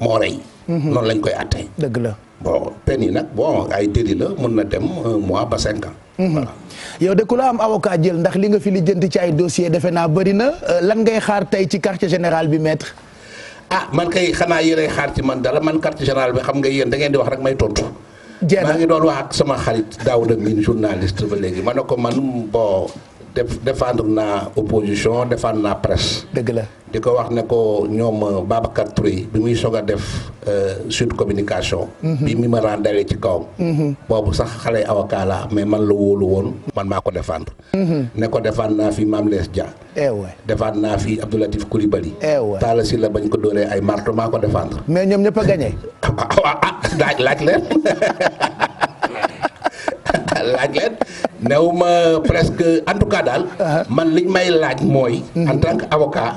moo rey. noonu lañ koy attee. dëgg la bon peine yi nag bon ay délit la na dem mois ba cinq ans. yow de ku la am avocat jël ndax li nga fi lijjanti ci ay dossier defe naa bëri na euh, lan ngay xaar tey ci quartier général bi maître. ah man kay xanaa yéenay xaar ci man dala man quartier général bi xam nga yéen da ngeen di wax rek may tontu. jéem maa ngi doon wax ak sama xarit Daouda Mine journaliste ba léegi ma ne ko man boo défendre naa opposition défendre naa presse. dëgg la di ko wax ne ko ñoom euh, Babacar Touré bi muy soog a def euh, sud communication. Mhm. bi mi ma rendalee ci kawam. Mhm. boobu sax xale avocat la mais man la wóolu woon man maa ko défendre. Mhm. ne ko défendre naa fi Mame Less Dia. eewe eh fi Abdou Latif Coulibaly. eewe eh Talla Sylla bañ ko dóoree ay marto maa ko mais ñoom ñëpp a ah, ah, ah, laaj laaj leen. laaj leen néew ma presque en tout cas daal. Uh-huh. man liñ may laaj mooy. Mm-hmm. en tant que avocat.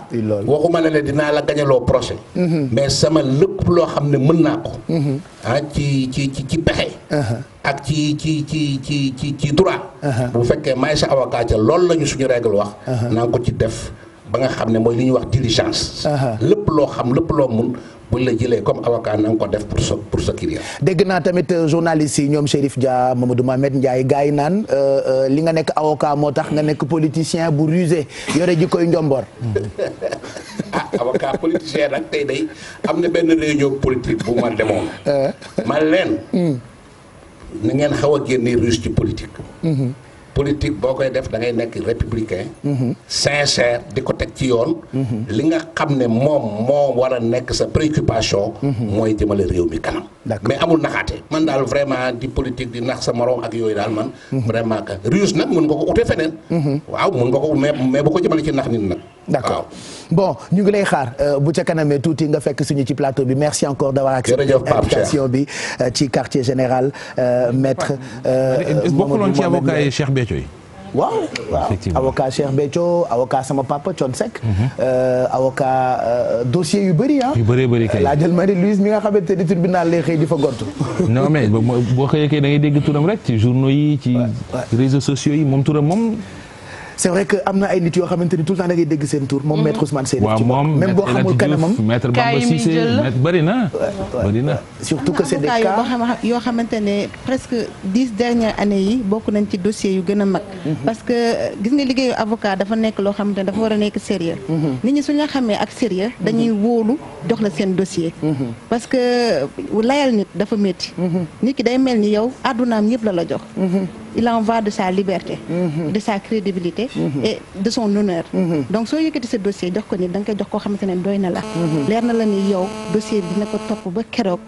waxuma la ne dinaa la gañaloo projet mm-hmm. mais sama lépp loo xam ne mën naa ko. Mm-hmm. Ah, ci ci ci ci pexe. Uh-huh. ak ci ci ci ci ci ci droit. Uh-huh. bu fekkee may sa avocat ca loolu lañu ñu suñu règle wax. naa ko ci def ba nga xam ne mooy li ñu wax diligence. lépp loo xam lépp loo mun. buñ la jëlee comme avocat na ko def pour sa pour sa dégg naa tamit euh, journaliste yi ñoom Chérif Dia Mamadou Mohamed Ndiaye gars yi naan euh, euh, li nga nekk avocat moo tax nga nekk politicien bu rusé yore ji koy njomboor. ah avocat politicien nag tey day am na benn réunion politique bu ma demoon. ma leen. Hmm. ngeen xaw a génne ruse ci politique. Hmm. politique boo koy def da ngay nekk républicain. Mhm. sincère di ko teg ci yoon. Mhm. li nga xam ne moom moo war a nekk sa préoccupation. Mhm. mooy jëmale réew mi kanam. mais amul naxaate man daal vraiment di politique di nax sa morom ak yooyu daal man. vraiment que ruse nag mun nga ko ute feneen. waaw mun nga ko mais bu ko jëmale ci nax nit nag. d'accord bon ñu ngi lay xaar euh, bu ca kanamee tuuti nga fekk suñu ci plateau bi merci encore d'avoir accepté invitation bi euh, ci quartier général euh, maître bokkuloon ci avocat yi Cheikh Béthio yi waaw waaw avocat Cheikh sama papa Thione mhm. yu bëri ah. yu bëree bëri kay la jël Marie-Louise mi nga xamante ni tribunal lay xëy di fa gontu. non mais boo xëyee kay da ngay dégg turam rek ci journaux yi. ci réseaux sociaux yi moom turam moom. c'est vrai que am nit yoo xamante ni tout le temps da ngay dégg seen tour moom mhm. maître Ousmane Seydi ci même boo xamul que c'est des cas ne yi bokk nañ ci dossier yu gën a mag mhm. parce que gis nga liggéeyu avocat dafa nekk loo xamante ne dafa war a nekk sérieux mhm. nit ñi suñu xamee ak sérieux dañuy wóolu jox la seen dossier parce que layal nit dafa métti nit ki day mel ni yow àddunaam yëpp la la jox il en va de sa liberté mhm. de sa crédibilité mhm. et de son honneur mhm. donc soo yëkkati sa dossier jox ko ni da koy jox ko xamante ne doy na la leer na la ni yow dossier bi dina ko topp ba keroog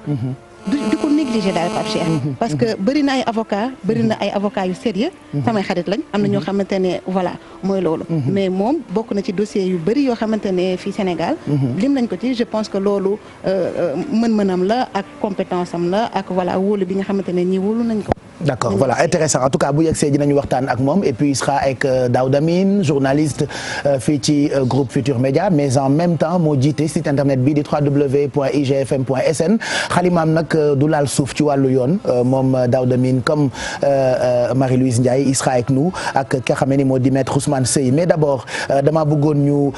du ko négligé daal Pape Cheikh parce que bëri na ay avocat bëri na ay avocat yu sérieux samay xarit lañ am na ñoo xamante ne voilà mooy loolu mais moom bokk na ci dossier yu bëri yoo xamante ne fii Sénégal lim nañ ko ci je pense que loolu euh, euh, mën-mënam la ak compétence am la ak voilà wóolu bi nga xamante ne ñii wóolu nañ ko d'accord voilà intéressant en tout cas bu yegsee dinañu waxtaan ak moom et puis il sera avec euh, Daouda journaliste euh, fii ci euh, groupe Futur Média mais en même temps moo jiite site internet bi di www.igfm.sn xalimaam nag du laal suuf ci wàllu yoon moom Daouda Mine comme Marie-Louise Ndiaye il sera avec nous ak ka xam ne moo di maître Ousmane Seye mais d'abord dama bëggoon ñu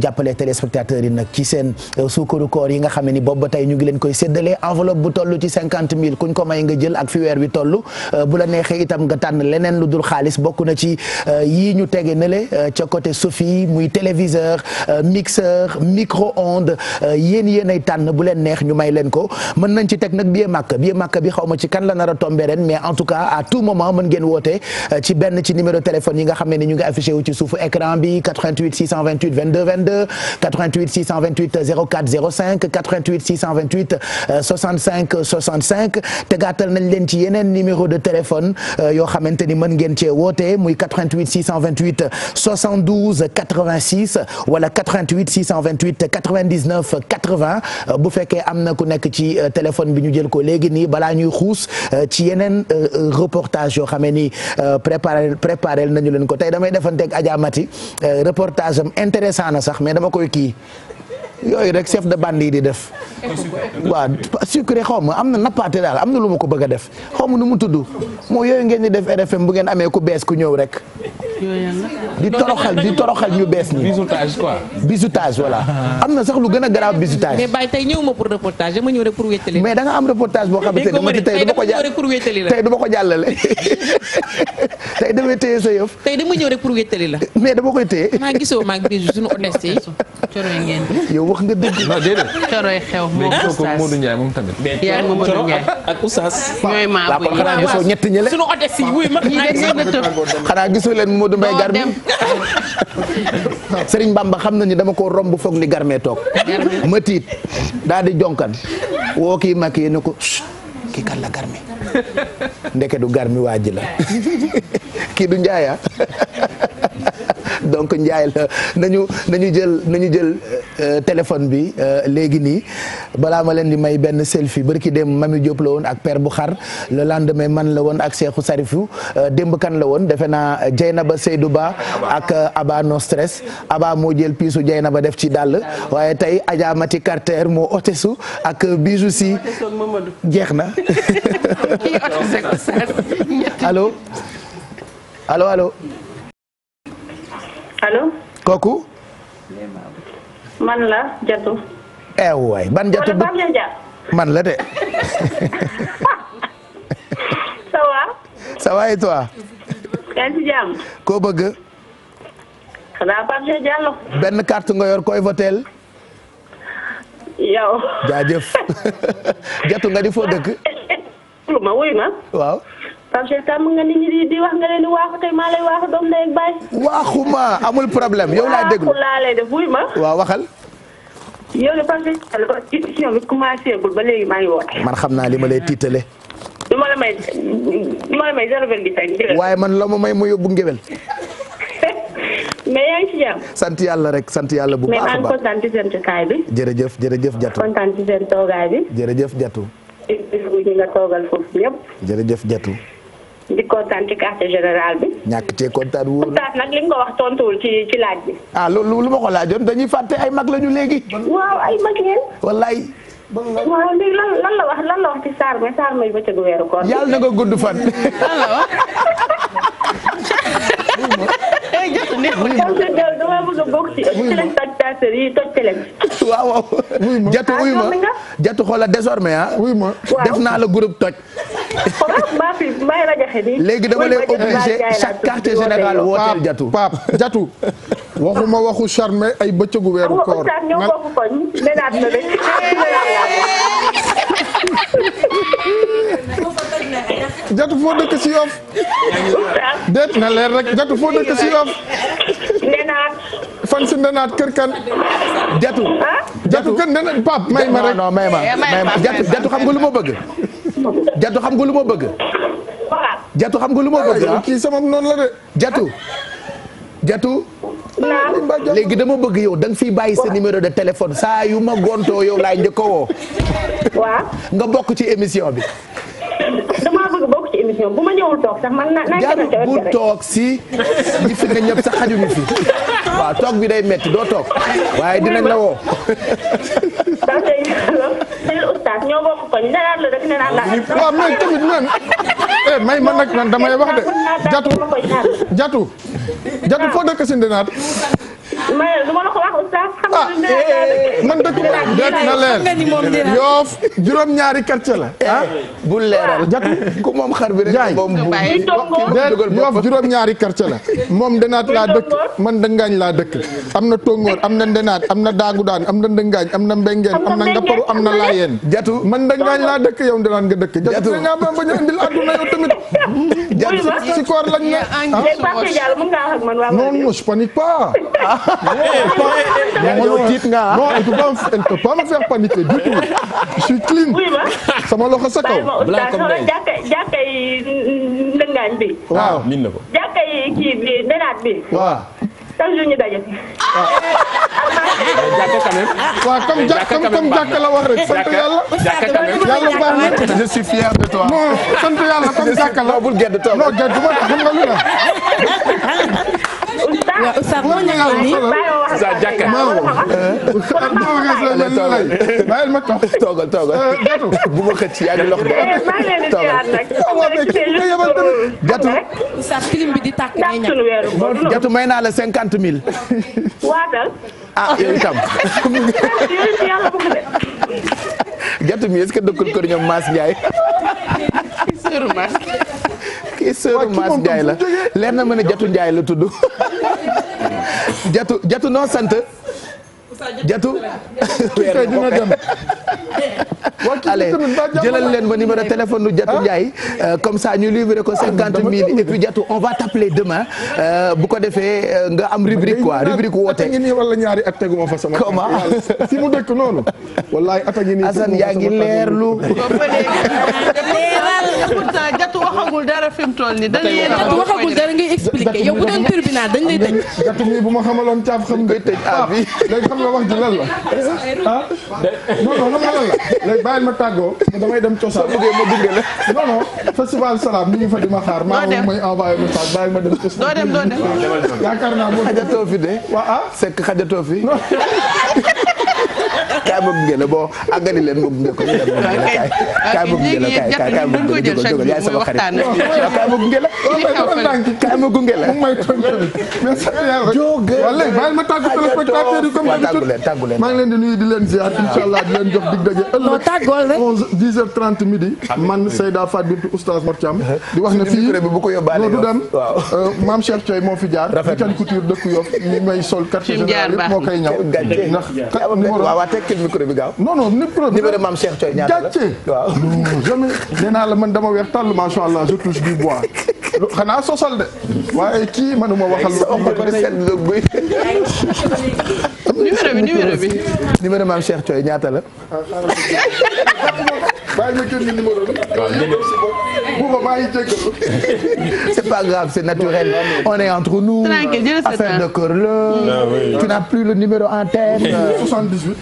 jàppale téléspectateurs yi nag ci seen suukaru koor yi nga xam ne ni boobu ba tey ñu ngi leen koy séddale enveloppe bu toll ci cinquante mille kuñ ko may nga jël ak fi weer toll Euh, bu la neexee itam nga tànn leneen lu dul xaalis bokk na ci euh, yii ñu tege na le euh, ca côté Sophie muy téléviseur mixeur micro-ondes yéen yéenay tànn bu leen neex ñu may leen ko mën nañ ci teg nag biee màkk biee bi xaw ci kan la nar a mais en tout cas à tout moment mën ngeen woote ci benn ci numéro téléphone yi nga xam ni ñu ngi affiché wu ci suufu écran bi 88 628 22 22 88 628 04 05 88 628 65 65 tegaatal nañ leen ci yeneen de téléphone euh, yoo xamante ni mën ngeen cee woote muy 88 628 72 86 wala 88 628 99 80 bu fekkee am na ku nekk ci euh, téléphone bi ñu jël ko léegi nii balaa ñuy xuus euh, ci yeneen reportage yoo xam ni préparé préparé nañu leen ko tey damay defanteeg Adja Mati reportage am intéressant na sax mais dama koy kii. yooyu rek chef de bande yi di def waaw sucré xaw ma am na nappaate daal am na lu ma ko bëgg def xaw ma nu mu tudd moo yooyu ngeen di def RFM bu ngeen amee ku bees ku ñëw rek di toroxal di toroxal ñu bees ñi bizutage quoi bizutage voilà ah. am na sax lu gën a garaaw bizutage mais Baye tey ñëw ma pour reportage dama ñëw rek pour wéttali mais da nga am reportage boo xamante ne ma ci tey du ma ko jàll tey du ma ko jàllale tey damay téye sa yëf tey dama ñëw rek pour wéttali la mais dama koy téye maa gisoo maa ngi bisu suñu honnêteté yi wax nga dëgg. non déedéet coroy xew moom oustaz Modou Ndiaye moom tamit. yaa ngi Modou Ndiaye xanaa gisoo ñett ñële. xanaa gisoo leen Modou Mbaye Garmi. Serigne Bamba xam na ni dama ko romb foog ni Garmi toog. ma tiit di jonkan woo kii mag ko kii kan la ndeke du Garmi waa kii du Ndiaye ah. donc Ndiaye la nañu nañu jël nañu jël euh, euh, téléphone bi euh, léegi nii balaa ma leen di may benn selfie bërki dem Mami Diop la woon ak Père Boukhar le lendemain man la woon ak Cheikhou Sarifou démb kan la woon defe naa Dieynaba Seydou Ba ak Aba No Stress Aba moo jël piisu Dieynaba def ci dàll waaye tey Adja Mati Carter moo otesu ak bijou si jeex allo. kooku. man la jatu. eh ban jatu bu man la de. ça va. ça va et toi. bëgg. benn carte nga yor koy votel yow. jaajëf jatu nga di foo dëkk. waaw. Pape Cheikh nga nit ñi di wax nga leen di maa lay waaxu doom ndey baay. waaxuma amul problème yow laa déglu waaxu waxal. man xam naa li lay tiitale. waaye man lama may mu yóbbu ngewel. sant yàlla rek sant yàlla bu baax a jërëjëf jërëjëf Jatu. jërëjëf Jatu. di jërëjëf Jatu. di kontaan ci quartier général bi. ñàkk cee kontaan wóor na nag ci laaj bi. ah loolu lu ma ko laajoon dañuy fàtte ay mag lañu léegi. waaw ay mag ngeen. wallaay. waaw la wax lan la wax ci Sarr mais Sarr mooy bëccëgu weeru koor. yàlla na gudd fan. neexul a bokk ci ma jatu ah, xoola désormais ah. uyu def naa la groupe toj. léegi dama lay obligé chaque quartier général wooteel jatu. waxuma waxu charme ay bëccëgu weeru koor. jatu foo dëkk si Yoff. déet na leer rek jatu foo dëkk fan si ndenaat kër kan. jatu. Ah? jatu kër ndenaat ma rek non may ma jatu jatu xam nga lu ma bëgg. jatu xam nga lu ma jatu xam nga lu bëgg. kii sama noonu la de jatu. jatu léegi dama bëgg yow danga fi bàyyi sa numéro de téléphone saa yu ma gontoo yow laay njëkk a woo. nga bokk ci émission bi. damaa bëgg bokk ci émission bu ma ñëwul toog sax bu toog si. ñi fi nga ñëpp sax xajuñu fi. waaw toog bi day metti doo toog. waaye dinañ la woo. sëñ Oustaz ñoo bokk man eh wax de. jatu jatu jatu foo dëkk si ma du ma la ah, eh, eh, man dëkk na leer juróom-ñaari quartier la ah. Eh, bu leeral jàkku ku moom xar bi rek. jaay yoof juróom-ñaari quartier la moom ndenaat laa dëkk man da ndëngaañ laa dëkk. am na tóngoor am na ndenaat am na daagudaan am na ndëngaañ am na mbengeen am na ngapparu am na laayeen. jat man ndëngaañ laa dëkk yow ndenaat nga dëkk. jatu da ngaa ba ñu indil àdduna yow si koor lañ ne. ah non je panique yow tiit nga ah. non elle peut pas elle peut pas me faire paniquer du tout je suis clean. sama loxo sa kaw. blanc comme day jàkkay mm, ndëngaan bi. waaw min na ko. jàkkay kii bi denaat bi. waaw. chaque jour ñu daje. jàkka quand même. waaw comme jàkka comme jàkka la wax rek sant yàlla. jàkka quand même yàlla baax na. je suis fier de toi. non sant yàlla comme jàkka la. non bul gedd toog non gedd du ma xam nga lu la. waaw oustaz lan nga ni oustaz jàkka maa eh, ma eh, bu ma xëcc yaa ngi lox ba eh, gàttu oustaz may naa la cinquante mille ah yow itam gàttu mi est-ce que dëkkul kër ñoom kii sëru Mass la leer na ma ne Jatu Ndiaye la tudd Jatu Jatu noo sant Jatu weer dina dem allez jëlal leen ma numéro téléphone nu Jatu ah? Ndiaye euh, comme ça ñu livrer ko ah, cinquante Jatu on va t'appeler demain euh, bu ko defee euh, nga am rubrique quoi rubrique woote ngi nii wala ñaari comment si mu dëkk noonu wallaay at ngi nii Assane waxagul dara fi mu toll nii dañ lay tëj waxagul dara yow bu doon tribunal dañ lay tëj. bu ma xamaloon caaf xam nga tëj ah bi léegi xam nga wax ji lan la ah, ah? non non ma tàggoo damay dem cosaan soo bëggee ma gunge la non non festival salaam mi ngi xaar maa ngi may envoyé message bàyyil ma dem cosaan doo dem doo dem yaakaar naa moo xajatoo fi waa ah? sekk xajatoo kaay ma gunge la bon àggali leen ma gunge ko ñu dem ma gunge la kaay ma gunge la kaay kaay gunge la jógal yaay sama xarit kaay ma gunge la kaay ma yi comme d'habitude maa leen di nuyu di leen ziar inchallah di leen jox dig daje ëllëg tàggool rek 11 10 heures 30 midi man Seyda Fat Bintou Oustaz Mor Thiam uh-huh. di wax na fii no du dem Mame Cheikh moo fi jaar Tidiane Couture dëkk Yoff mi may sol carte générale moo koy ñaw ndax tekkil micro bi gaaw. non non ni problème numéro maam Cheikh Thioy ñaata la gàcce. waaw jamais nee naa la man dama weex tàll macha allah je touche du bois. xanaa sosal de. waaye kii manuma waxal. numéro bi numéro bi. numéro maam Cheikh ñaata la. bàyyi ma génn numéro bi. waaw maa c'est pas grave c'est naturel on est entre nous. affaire de la. Ah le numéro en tête. 78.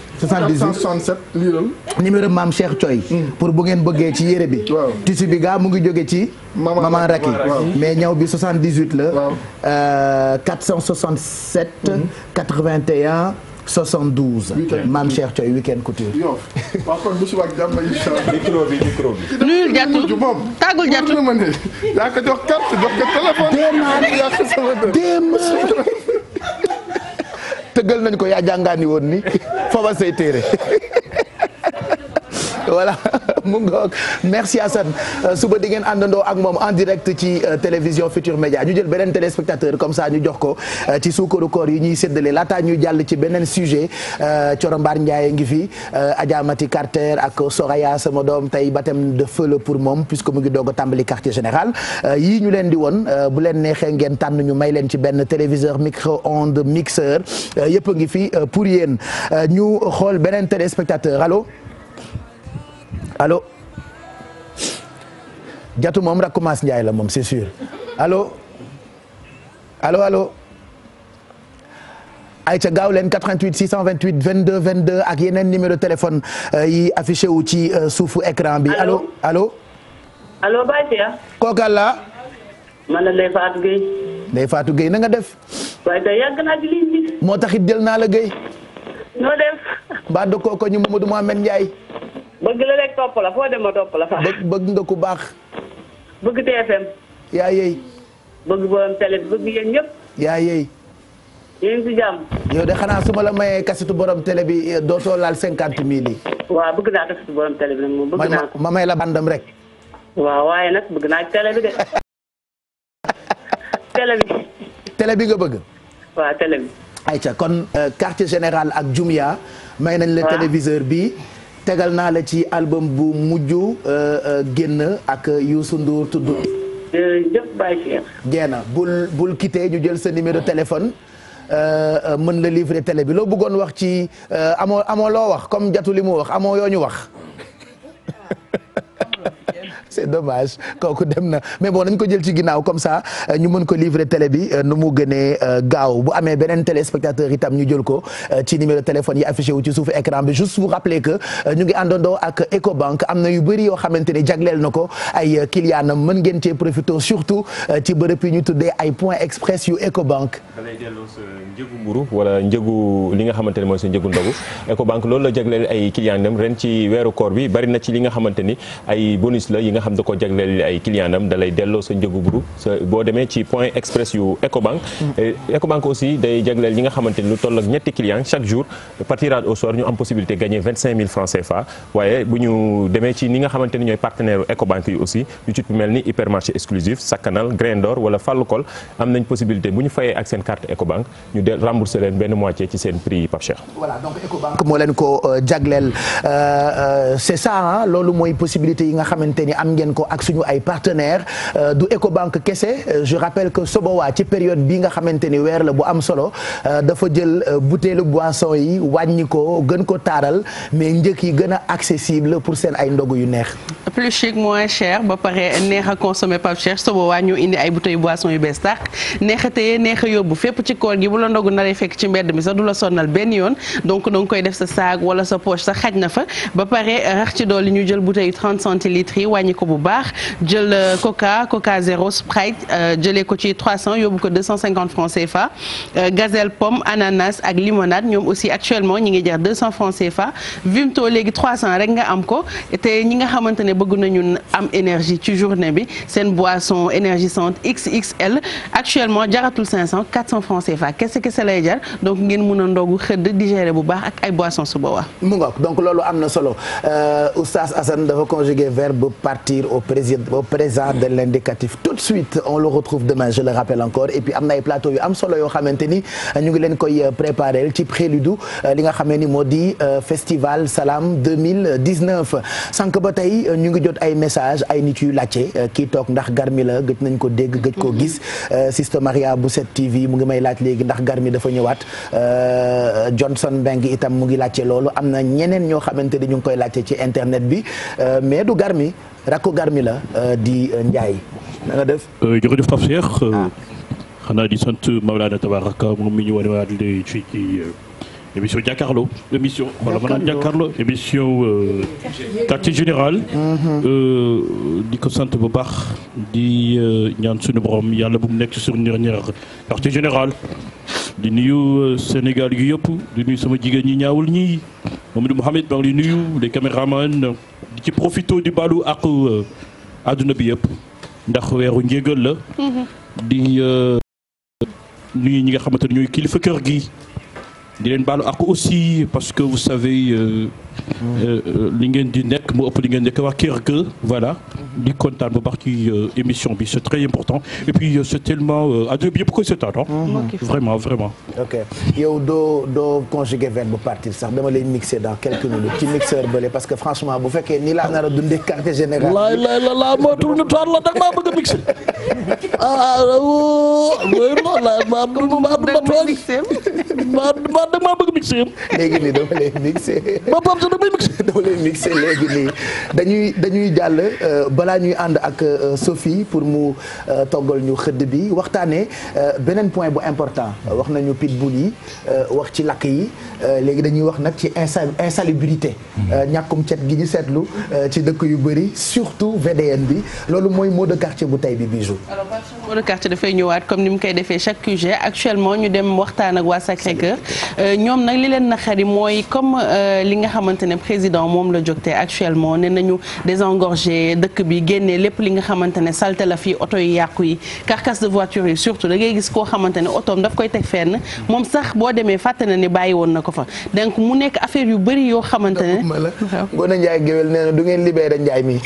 Euh, numéro maam Cheikh Thioy. Hmm. pour bu ngeen bëggee ci yére bi. waaw bi ga mu ngi jóge ci. maman Raki mais ñaw bi 78 la. 467. 81. Euh, 72. maam Cheikh Thioy weekend couture. yow waaw kon bu suba ak jox carte jox ko téléphone. démar tëggal nañ ko yaa jàngaani woon ni foofa say téere voilà. mu ngoog merci Assane euh, suba di ngeen àndandoo ak moom en direct ci euh, télévision Futur Média ñu jël beneen téléspectateur comme ça ñu jox ko euh, ci suukaru koor yi ñuy séddale laataa ñuy jàll ci beneen sujet Coro Mbar a ngi fi Adjamati Carter ak Soraya sama doom tey baptême de feu pour moom puisque mu ngi doog a tàmbali quartier général yi ñu leen di woon bu leen neexee ngeen tànn ñu may leen ci benn téléviseur micro-ondes mixeur yëpp a ngi fi pour yéen ñu xool beneen téléspectateur allo allo jatu moom rakk Mass Ndiaye la moom c'est alo alo allo allo ayca gaaw leen 88 628 22 22 ak yeneen numéro téléphone euh, yi affiché wu ci euh, suufu écran bi alo alo alo Bathia kookal la man la Ndeye Fatou Gueye Ndeye Fatou Gueye na nga def moo taxit jël naa la Gueye noo def mbaa dëkkoo ko ñu Mamadou Mohamed Ndiaye bëgg la rek topp la foo dem ma topp la fa. bëgg bëgg nga ku baax. bëgg TFM. yaa yey. bëgg borom télé bëgg yéen ñëpp. yaa yey. yéen de xanaa su la mayee kasitu borom télé bi eh, dootoo laal cinquante mille yi. waaw bëgg naa kasitu borom télé bi nag moom bëgg naa ma may la bandam rek. waaw waaye nag bëgg naa télé bi de. télé bi. nga bëgg. waaw télé bi. ayca kon euh, quartier général ak Jumia. may nañ la téléviseur bi. tegal naa la ci album bu mujj euh, euh, génn ak Youssou Ndour tudd. jërëjëf euh, Baye bul bul ñu jël sa numéro téléphone. mën la livrer télé bi loo bëggoon wax ci amoo amoo loo wax comme jatu li mu wax amoo yoo ñu wax. c'est dommage kooku dem na mais bon nañ ko jël ci ginnaaw comme ça euh, ñu mën ko livrer télé bi euh, nu mu gënee euh, gaaw bu amee beneen téléspectateur itam ñu jël ko ci numéro téléphone yi affiché wu ci suufu écran bi juste vous rappeler que ñu ngi àndandoo ak Ecobank am na yu bëri yoo xamante ne jagleel na ko ay clients mën ngeen cee profité surtout ci bërëb yi ñu tuddee ay points express yu Ecobank. da lay delloo li nga xamante ne mooy sa njëgu ndogu Ecobank loolu la jagleel ay clients dem ren ci weeru koor bi bari li nga xamante nga xam da ko jagleel ay client am delloo sa njëgu buru boo demee ci point express yu Ecobank mm. Ecobank aussi day jagleel ñi nga xamante lu toll ak ñetti client chaque jour par tirage ñu am possibilité gagner vingt cinq waaye bu ñu demee ci ñi nga xamante ñooy partenaire Ecobank yi aussi ñu ci mel ni hypermarché exclusif Sakanal Grain d'Or wala Falcol am nañ possibilité bu ñu fayee ak seen carte Ecobank ñu del rembourser leen am ngeen ko ak suñu ay partenaires euh, du Ecobank kese euh, je rappelle que Sobowa ci période bi nga xamante ni weer la bu am solo euh, dafa jël butéelu boisson yi wàññi ko gën ko taaral mais njëkk yi gën a accessible pour seen ay ndogu yu neex. plus chic moins cher ba pare neex a consommer pas cher Sobowa ñu indi ay bouteilles boisson yu bees tàq neex a téye neex a yóbbu fépp ci koor gi bu la ndogu naree fekk ci mbedd mi sax du la sonnal benn yoon donc da sa wala sa poche sax xaj na fa ko bu baax jël euh, coca coca zéro sprite euh, jëlee ko ci 300 yóbbu ko 250 francs CFA euh, gazelle pomme ananas ak limonade ñoom aussi actuellement ñi ngi jar 200 francs CFA Vimto léegi 300 rek nga am ko te ñi nga xamante ne bëgg nañu am énergie ci journée bi seen boisson énergisante XXL actuellement jaratul 500 400 francs CFA kese kese lay jar donc ngeen mun a ndogu xëdd digérer bu baax ak ay boissons su boobaa. mu ngoog donc loolu am na solo Oustaz Assane dafa conjuguer verbe partir au président au présent de l'indicatif tout de suite on le retrouve demain je le rappelle encore et puis am na ay plateau yu am solo yoo xamante ni euh, ñu ngi leen koy euh, préparer ci prélude euh, li nga xamee ni moo di festival Salam 2019 sànq ba tey ñu ngi jot ay message ay nit yu laajte kii toog ndax Garmi la gëj nañ ko dégg gëj koo gis mhm. Siste Maria bu set TV mu ngi may laaj léegi ndax Garmi dafa ñëwaat Johnson Mbeng itam mu ngi laajte loolu am na ñeneen ñoo xamante ni ñu ngi koy laajte ci internet bi rakku garmi la euh, di euh, Ndiaye na nga def. Euh, jërëjëf Pape Cheikh ah. xanaa di sant Mawlana Tabaraka moom mi ñu wane waat fii ci. émission jàkkaarloo émission wala ma émission euh, quartier général mhm. euh, di ko sant bu baax di euh, ñaan suñu borom yàlla bu mu nekk sur dernière quartier général di nuyu Sénégal gi yëpp di nuyu sama jigéen ñi ñaawul ñii Mamadou Mouhamed maa ngi nuyu les caméramans di ci profito di baalu ak àdduna bi yëpp ndax weeru njégal la mhm. di nuyu ñi nga xamante ne ñooy kilifa kër gi di leen baalu aussi parce que vous savez euh, mm. euh, euh, li ngeen di nekk mu ëpp li ngeen nekk waa kër ga voilà mm-hmm. di kontaan bu baax émission bi c'est très important et puis c'est tellement adduna bi yëpp koy seetaan mm-hmm. vraiment vraiment ok yow doo doo conjugué verbe partir sax dama lay mixé dans quelques minutes ci mixeur bële parce que franchement bu fekkee nii laa nar a dundee quartier général laay laay la laa moo tur na la dag maa bëgg maa maa da maa bëgg mixé léegi nii dama lay mixé dama lay mixé léegi nii dañuy dañuy jàll euh, balaa ñuy ànd ak euh, Sophie pour mu euh, toggal ñu xëdd bi waxtaanee beneen point bu important wax nañu pitbull yi wax ci lakk yi léegi dañuy wax nag ci insa insalubrité mhm. ñàkkum cet gi ñu seetlu ci dëkk yu bëri surtout VDN bi loolu mooy mot de quartier bu tey bi bijou alors mot quartier dafay ñëwaat comme ni mu koy defee chaque QG actuellement ñu dem waxtaan ak waa Sacré-Cœur euh, ñoom nag li leen naqari mooy comme euh, li nga xamante ne président moom la jógtee actuellement ne nañu désengorger dëkk bi génnee lépp li nga xamante ne salte la fii oto yi yàqu yi carcasse de voiture yi surtout da ngay gis koo xamante ne otoom daf koy teg fenn moom sax boo demee fàtte na ne bàyyi woon na ko fa donc mu nekk affaire yu bëri yoo xamante ne Ngoné Njaay géwél nee du ngeen libéré Njaay mi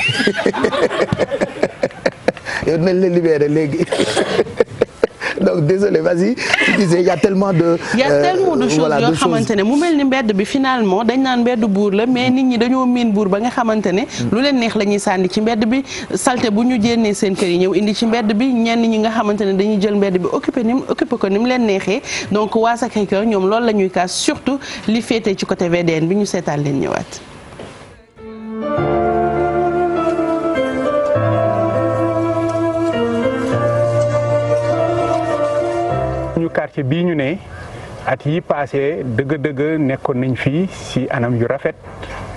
yow dinañ la libéré léegi donc désolé vas-y tu disais de. y a euh, yoo xamante ne mu mel ni mbedd bi finalement dañ naan mbedd buur la mais nit ñi dañoo miin buur ba nga xamante ne. Hmm. lu leen neex la ñuy sànni ci mbedd bi salte bu ñu jénnee seen kër yi ñëw indi ci mbedd bi ñenn ñi nga xamante ne dañuy jël mbedd bi occupé ni mu occupé ko ni mu leen neexee donc waa Sacré-Cœur ñoom loolu la ñuy kaas surtout li féete ci côté VDN bi ñu seetaan leen ñëwaat. quartier bii ñu ne at yi passé dëgg-dëgg nekkoon nañ fii si anam yu rafet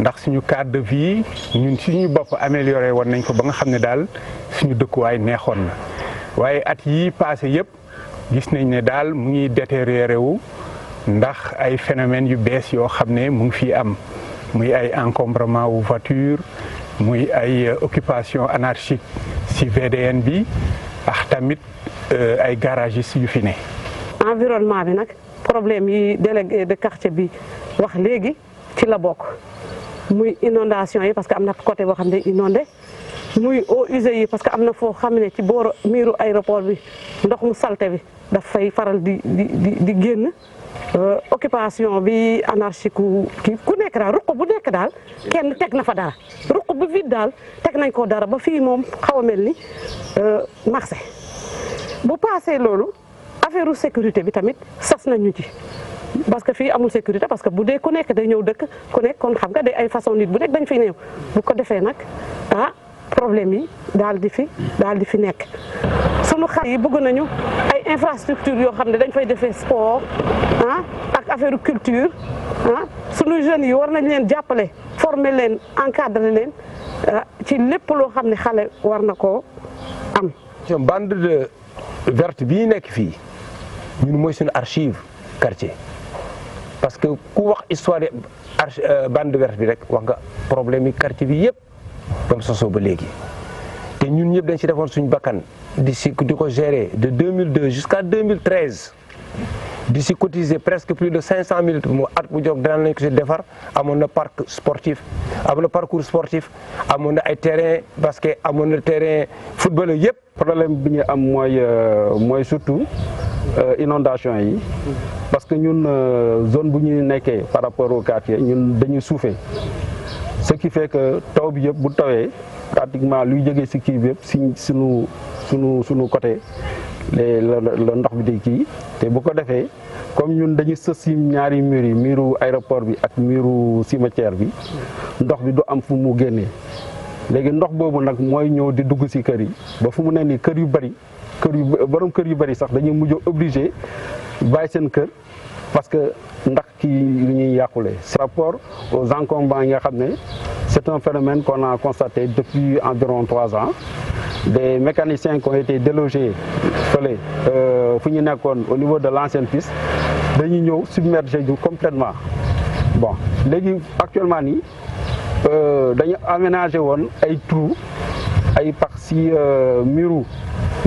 ndax suñu cadre de vie ñun suñu bopp amélioré woon nañ ko ba nga xam ne daal suñu dëkkuwaay neexoon na waaye at yi passé yëpp gis nañ ne daal mu ngi détérioré wu ndax ay phénomènes yu bees yoo xam ne mu ngi fii am muy ay encombrement wu voiture muy ay euh, occupation anarchique si VDN bi ak tamit euh, ay garagistes yu fi ne environnement bi nag problème yi délégué de quartier bi wax léegi ci la bokk muy inondation yi parce que am na côté boo xam ne inondé muy eaux usées yi parce que am na foo xam ne ci boor miiru aéroport bi ndox mu salte bi daf fay faral di di di di génn euh, occupation bi anarchique kii ku nekk daal ruq bu nekk daal kenn teg na fa dara ruq bu vide daal teg nañ ko dara ba fii moom xaw a mel ni euh, marché bu paasee loolu affaire sécurité bi tamit sas nañu ci parce que fii amul sécurité parce que bu dee ku nekk day ñëw dëkk ku nekk xam nga day ay façon nit bu nekk dañ fiy néew bu ko defee nag ah problème yi daal di fi daal di fi nekk sunu xar yi bëgg nañu ay infrastructure yoo xam ne dañ fay defee sport ah, ak affaire culture ah sunu jeunes yi war nañ leen jàppale former leen encadrer leen ah, ci lépp loo xam ne xale war na koo am bande verte bii nekk fii ñun mooy suñu archive quartier parce que ku wax histoire euh, bande verte bi rek wax nga problème yi quartier bi yëpp ba mu sosoo ba léegi te ñun ñëpp dañ ci defoon suñu bakkan di si di ko gérer de 2002 jusqu'à 2013 di si cotiser presque plus de 500 000 mu at bu jóg daan nañ ko si defar amoon na parc sportif amoon na parcours sportif amoon na ay terrain que amoon na terrain football yëpp. problème bi ñu am mooy euh, mooy surtout euh, inondation yi parce que ñun euh, zone bu ñuy nekkee par rapport au quartier ñun dañuy suufee ce qui fait que taw bi yëpp bu tawee pratiquement luy jógee si kii yëpp si sunu sunu sunu côté. la ndox bi di kii te bu ko defee comme ñun dañu sës si ñaari miir yi miiru aéroport bi ak miiru cimetière bi ndox bi du am fu mu génnee léegi ndox boobu nag mooy ñëw di dugg si kër yi ba fu mu ne nii kër yu bari kër yu borom kër yu bari sax dañuy mujj obligé bàyyi seen kër. parce que ndax kii lu ñuy yàqule par rapport aux encombrants yi nga xam ne c'est un phénomène qu'on a constaté depuis environ trois ans des mécaniciens qui ont été délogés fële euh, fu ñu nekkoon au niveau de l'ancienne piste dañuy ñëw submerger ñu complètement bon léegi actuellement nii euh, dañu aménagé woon ay trous ay pax si euh, muru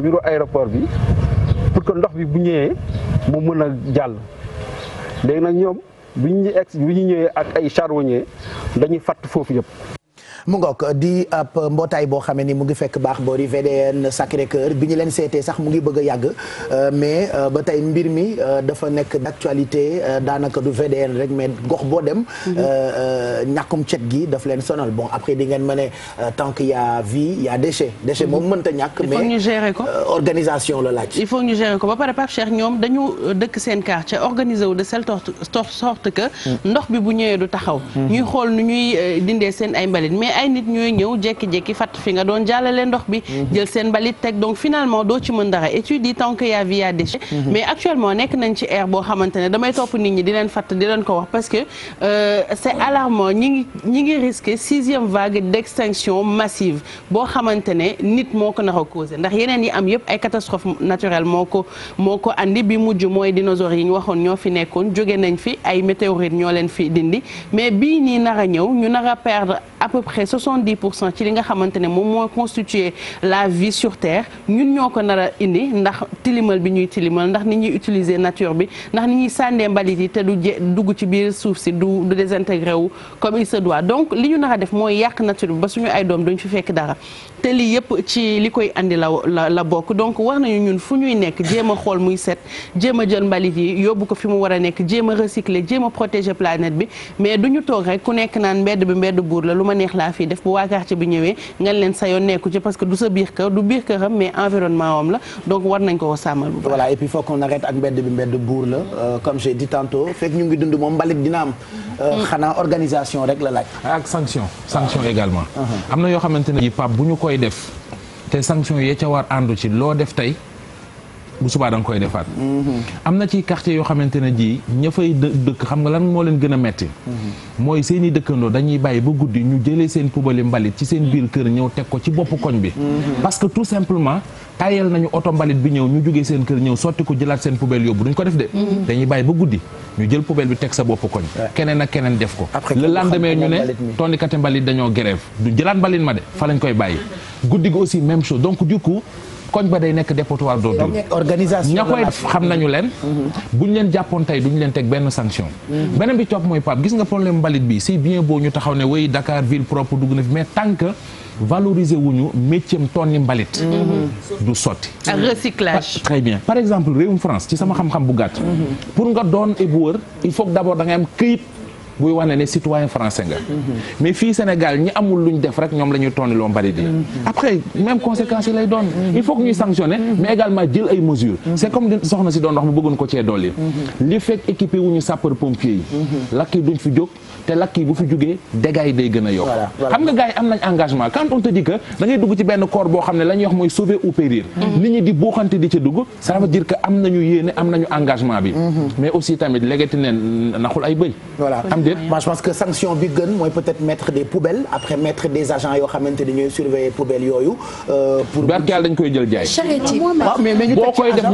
muru aéroport bi pour que ndox bi bu ñëwee mu mën a jàll léegi nag ñoom bi ñu egg bi ñu ñëwee ak ay charbonnier dañuy fatt foofu yëpp mu ngoog di ab mbootaay boo xamee ni mu ngi fekk baax boori VDN Sacré Cœur bi ñu leen seetee sax mu ngi bëgg a yàgg euh, mais euh, ba tey mbir mi euh, dafa nekk d'actualité daanaka du VDN rek mais gox boo dem mhm. ñàkkum cet gi daf leen sonal bon après di ngeen ma ne tant ya y a vie y a déchet déchet mhm. moom mënta ñàkk mais ñu gérer ko organisation la laaj il faut ñu gérer ko ba pare Pape Cheikh ñoom dañu dëkk seen quartier organisé wu de telle sorte que mm. ndox bi bu ñëwee du taxaw mm. xool nu ñuy dindee seen ay mbalit mais mais ay nit ñooy ñëw jékki-jékki fàtt fi nga doon jàllale ndox bi mhm. jël seen mbalit teg donc finalement doo ci mën dara étude yi tant que y a vie y a mhm. mais actuellement nekk nañ ci air boo xamante ne damay topp nit ñi di leen fàtt di leen ko wax parce que euh, c'est alarmant ñi ngi ñi ngi risqué sixième vague d'extinction massive boo xamante ne nit moo ko nar a ndax yeneen yi am yëpp ay catastrophe naturelle moo ko moo ko andi bi mujj mooy dinosaures yi ñu waxoon ñoo fi nekkoon jóge nañ fi ay météorites ñoo leen fi dindi mais bii nii nar a ñëw à peu près 70 pour cent ci li nga xamante ne moom moo constituer la vie sur terre ñun ñoo ko nar a indi ndax tilimal bi ñuy tilimal ndax ni ñuy utiliser nature bi ndax ni ñuy sànnee mbalit yi te du dugg ci biir suuf si du du désintégré wu comme il se doit donc li ñu nar a def mooy yàq nature bi ba suñu ay doom duñ fi fekk dara te lii yëpp ci li koy andi la la bokk donc war nañu ñun fu ñuy nekk jéem a xool muy set jéem a jël mbalit yi yóbbu ko fi mu war a nekk jéem a recycler jéem a protéger planète bi mais du ñu toog rek ku nekk naan mbedd bi mbedd buur la lu ma neex laa fii def bu waa quartier bi ñëwee nga leen sa yoon nekku ci parce que du sa biir kër du biir këram mais environnement am la donc war nañ ko sàmmal bu baax. voilà et puis faut ak mbedd bi mbedd buur la euh, comme j'ai dit tantôt fekk ñu ngi dund moom mbalit dina am. Euh, mm. xanaa organisation rek la laaj. ak sanction koy def te sanction yee ca war àndu ci loo def tey bu subaa da nga koy defaat. Mm-hmm. am na ci quartier yoo xamante ne jii ña fay dëkk xam nga lan moo leen gën a metti mm-hmm. mooy seen dëkkandoo dañuy bàyyi ba guddi ñu jëlee seen poubelle mbalit ci seen mm-hmm. biir kër ñëw teg ko ci bopp koñ bi. parce tout simplement tayal nañu oto mbalit bi ñëw ñu jógee seen kër ñëw sotti ko jëlaat seen poubelle yóbbu duñ ko def de mm-hmm. dañuy bàyyi ba guddi ñu jël poubelle bi teg sa bopp koñ keneen ak keneen def ko le ñu ne tondikate mbalit dañoo grève du jëlaat mbalit ma de fa lañ koy bàyyi guddi gi aussi même chose donc du koñ ba day nekk dépotoir d'ordures ña koy xam nañu leen mm-hmm. buñ leen jàppoon tey duñ leen teg benn sanction mm-hmm. beneen bi topp mooy Pape gis nga problème mbalit valoriser wuñu métier am tonni mbalit. Mm-hmm. du sotti. par exemple réewum France ci sama xam-xam bu gàtt. Mm-hmm. pour nga doon éboueur il faut que d'abord da ngay am këyit. buy wane ne citoyen français nga. Mm-hmm. mais fii Sénégal ñi amul luñ def rek ñoom la ñuy tonni loo mbalit yi. après même conséquences yi lay doon. il faut ñuy sanctionner mais également jël ay mesures. c' est comme soxna si doon wax mu bëggoon ko cee dolli. li fekk équipé wuñu sapeur pompier yi. lakk yi te lakk yi bu fi jugee dégâts yi day gën a yokk xam nga gars yi am nañ engagement quand on dugg ci benn corps boo xam ne la ñuy mooy sauver ou mhm. nit ñi di buuxante di ca dugg ça veut dire am nañu yéene am nañu engagement bi mhm. mais aussi tamit léegati neen naxul ay bëy voilà am déet moi je pense que sanction bi gën mooy peut-être mettre des poubelles après mettre des agents yoo xamante ni ñooy surveiller poubelles yooyu euh, pour barkeel dañ koy jël jaay ah, boo koy def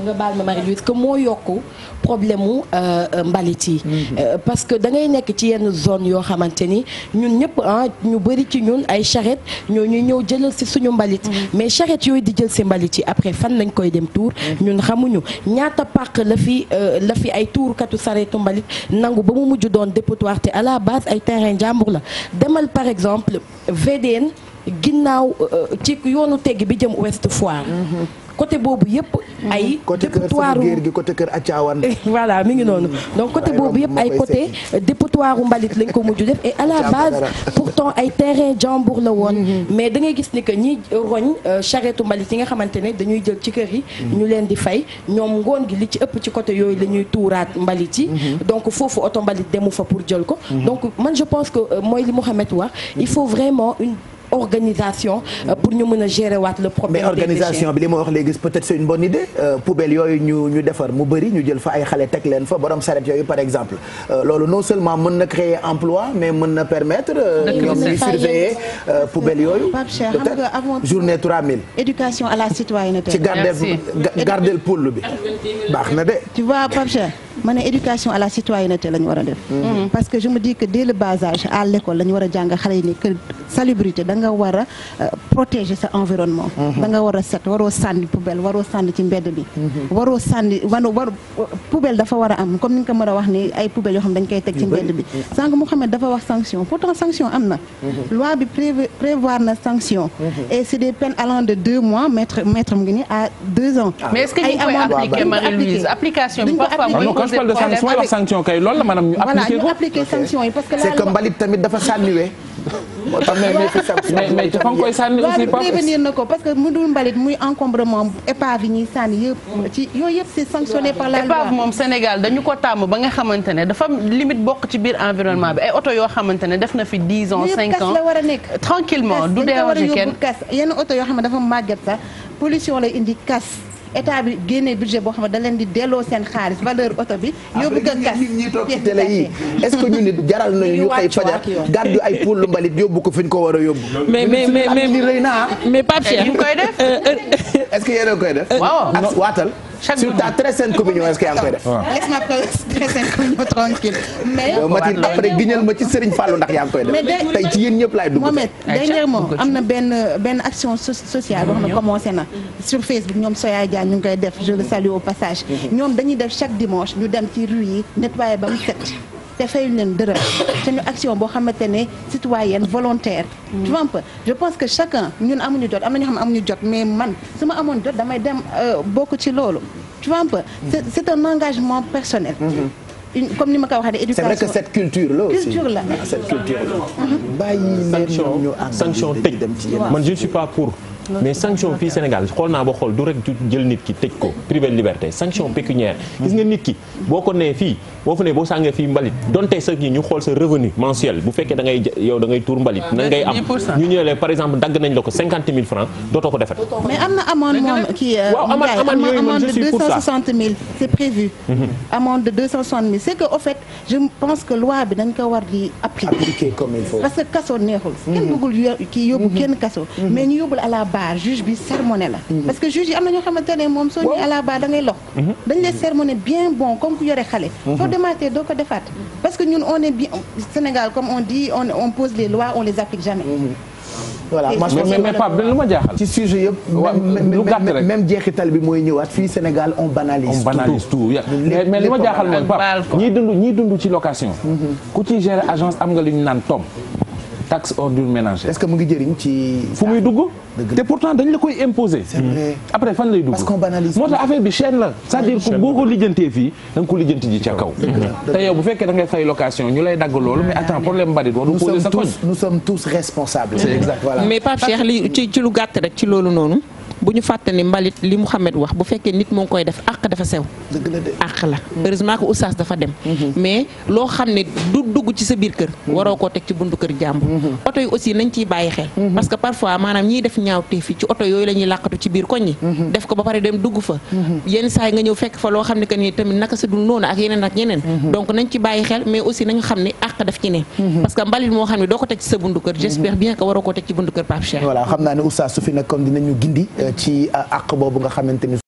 ñu nga baal ma Marie-Louise que moo yokku problème mu euh, euh, mbalit yi. Mhm. Euh, parce que da ngay nekk ci yenn zone yoo xamante ni ñun ñëpp ah ñu bëri ci ñun ay charrette ñoo ñuy ñëw jëlal si suñu mbalit. Mhm. mais charrette yooyu di jël si mbalit yi après fan lañ koy dem tour mhm. ñun xamuñu ñaata pàq la fi la fi ay tourkatu sareetu mbalit nangu ba mu mujj doon dépotoir te à la base ay terrain jàmbur la demal par exemple VDN. ginnaaw euh, ci yoonu tegg bi jëm Ouest Foire. Mhm. côté boobu yëpp mhm. ay dépotoir gi côté kër Acaawan eh, voilà mi ngi noonu mhm. donc côté boobu yëpp ay côté dépotoir mbalit lañ ko mujj def et à la base pourtant ay terrain jàmbur la woon mais da ngay gis ni que ñi roñ euh, charrette mbalit yi nga xamante ne dañuy jël ci kër yi ñu leen di fay ñoom ngoon gi li ci ëpp ci côté yooyu la tuuraat mbalit yi donc foofu oto mbalit demu fa pour jël ko donc man je pense que euh, mooy li Mouhamed wax il faut vraiment organisation euh, pour ñu mën a gérer waat le problème mais organisation bi li ma wax léegi peut-être c'est une bonne idée euh, poubelle yooyu ñu ñu defar mu bëri ñu jël fa ay xale teg leen fa borom saret yooyu par exemple euh, loolu non seulement mën na créer emploi mais mën na permettre ñoom ñuy surveiller poubelle yooyu peut-être journée 3000 éducation à la citoyenneté ci garder garder poule bi baax na de tu vois ma ne éducation à la citoyenneté la ñu war a def. Mm-hmm. parce que je me dis que dès le bas à l'école la ñu war a jàng xale yi que salubrité da nga war a euh, sa environnement. Mm-hmm. da nga war a set waroo sànni poubelle waroo sànni ci mbedd bi. Mm-hmm. waroo sànni wan war dafa war a am comme ni nga ko mën a wax ni ay poubelle yoo xam dañ koy teg ci mbedd bi. sànq Mouhamed dafa wax sanction pourtant sanction am na. loi bi prévoir na sanction. et c'est des peines allant de deux mois maître maître mu poser problème avec su may wax sanction kay loolu la maanaam ñu. appliquer ko sanction yi parce que. c'est que mbalit tamit dafa sànniwee. moo tax mais mais mais te fa nga koy sànni na ko parce que mu dul mbalit muy encombrement épave yi ñuy sànni yëpp. ci yooyu yëpp c'est sanctionné par la loi. épave moom Sénégal dañu ko tàmm ba nga xamante dafa limite bokk ci biir environnement bi ay oto yoo xamante ne def na fi 10 ans 5 ans. la war a nekk tranquillement du déranger yenn oto yoo xam ne dafa màgget sax pollution lay état bi génnee budget boo xam ne da leen di delloo seen xaalis valeur oto bi. yóbbu ko kas ñi yi est que ñu nit jaral nañu ñu xëy fajar gàddu ay poul mbalit yóbbu ko fi ko war a yóbbu. mais mais mais ah. mais Pape Cheikh ñu koy def. Euh, euh, est-ce que yéen a koy def. Euh, waaw sur ta très saine communion est-ce que yaa ngi koy def. laisse ma très communion tranquille mais Mathilde après giñal ma ci Serigne Fallou ndax yaa ngi koy def. tey ci yéen ñëpp laay dugg. Mohamed dernier mot am na benn benn action sociale wax na commencé na sur Facebook ñoom Soya Dia ñu ngi koy def je le salue au passage. Mm-hmm. ñoom dañuy def chaque dimanche ñu dem ci rue yi nettoyer ba mu set. te fayul leen dërëm suñu action boo xamante ne citoyenne volontaire tu vois un peu je pense que chacun ñun amuñu jot am na ñoo xam ne amuñu jot mais man su ma amoon jot damay dem euh, bokk ci loolu tu vois un peu c'est un engagement personnel mm-hmm. comme ni ma ko waxee de éducation c'est vrai que cette culture là aussi culture là ah, cette culture là mm-hmm. sanction sanction tëj je ne suis pas pour mais sanction fii Sénégal xool naa ba xool du rek jël nit ki tëj ko privé de liberté sanction pécuniaire gis nga nit ki boo ko nee fii boo fu ne boo sàngee fii mbalit donte sa yi ñu xool sa revenu mensuel bu fekkee da ngay yow tuur mbalit na am ñu ñëwee par exemple dagg nañ la ko mille francs dootoo ko defat mais am na amende moom kii euh, mhm. amende de mille c'est que au je pense que loi bi dañ ko war di appliquer parce que kaso barre juge bi sermonné la. Mm-hmm. parce que juge yi am na ñoo xamante ne moom soo ñëwee à la barre da ngay lox. Mm-hmm. dañ lay sermonné bien bon comme ku yore xale. Mm-hmm. soo demaatee doo ko defaat. parce que ñun on est bien Sénégal comme on dit on on pose les lois on les applique jamais. voilà mais mais lu ma jaaxal. ci sujet yëpp. lu gàtt rek même jeexital bi mooy ñëwaat fii Sénégal on banalise. on banalise tout mais li am nga lu ñu naan tom taxe ordure ménagère. est fu muy dugg te pourtant dañ la koy imposer. Hmm. après fan lay dugg. moo tax affaire bi la. cest dire que boo ko lijjantee fii da ko lijjanti ca kaw. te yow bu fekkee da ngay fay ñu lay dagg loolu mais attends problème bari doo du poser sa koñ. mais Pape Cheikh li ci lu gàtt rek ci loolu noonu. bu ñu fàtte mbalit li Mouhamed wax bu fekkee nit moo koy def àq dafa sew. la de àq la. Mm. heureusement que oustaz dafa dem. Mm-hmm. mais loo xam ne du dugg ci sa biir kër. Mm-hmm. waroo koo teg ci buntu kër jàmbur. Mm-hmm. oto ko loo xam ne que ni tamit naka sa dul noonu ak yeneen ak yeneen. donc nañ ci bàyyi xel mais aussi nañu xam ne teg ci sa buntu kër. j'espère bien que waroo koo teg ci buntu kër Pape Cheikh. xam naa ne oustaz fi nag comme dinañu gindi euh, ci àq boobu nga xamante ni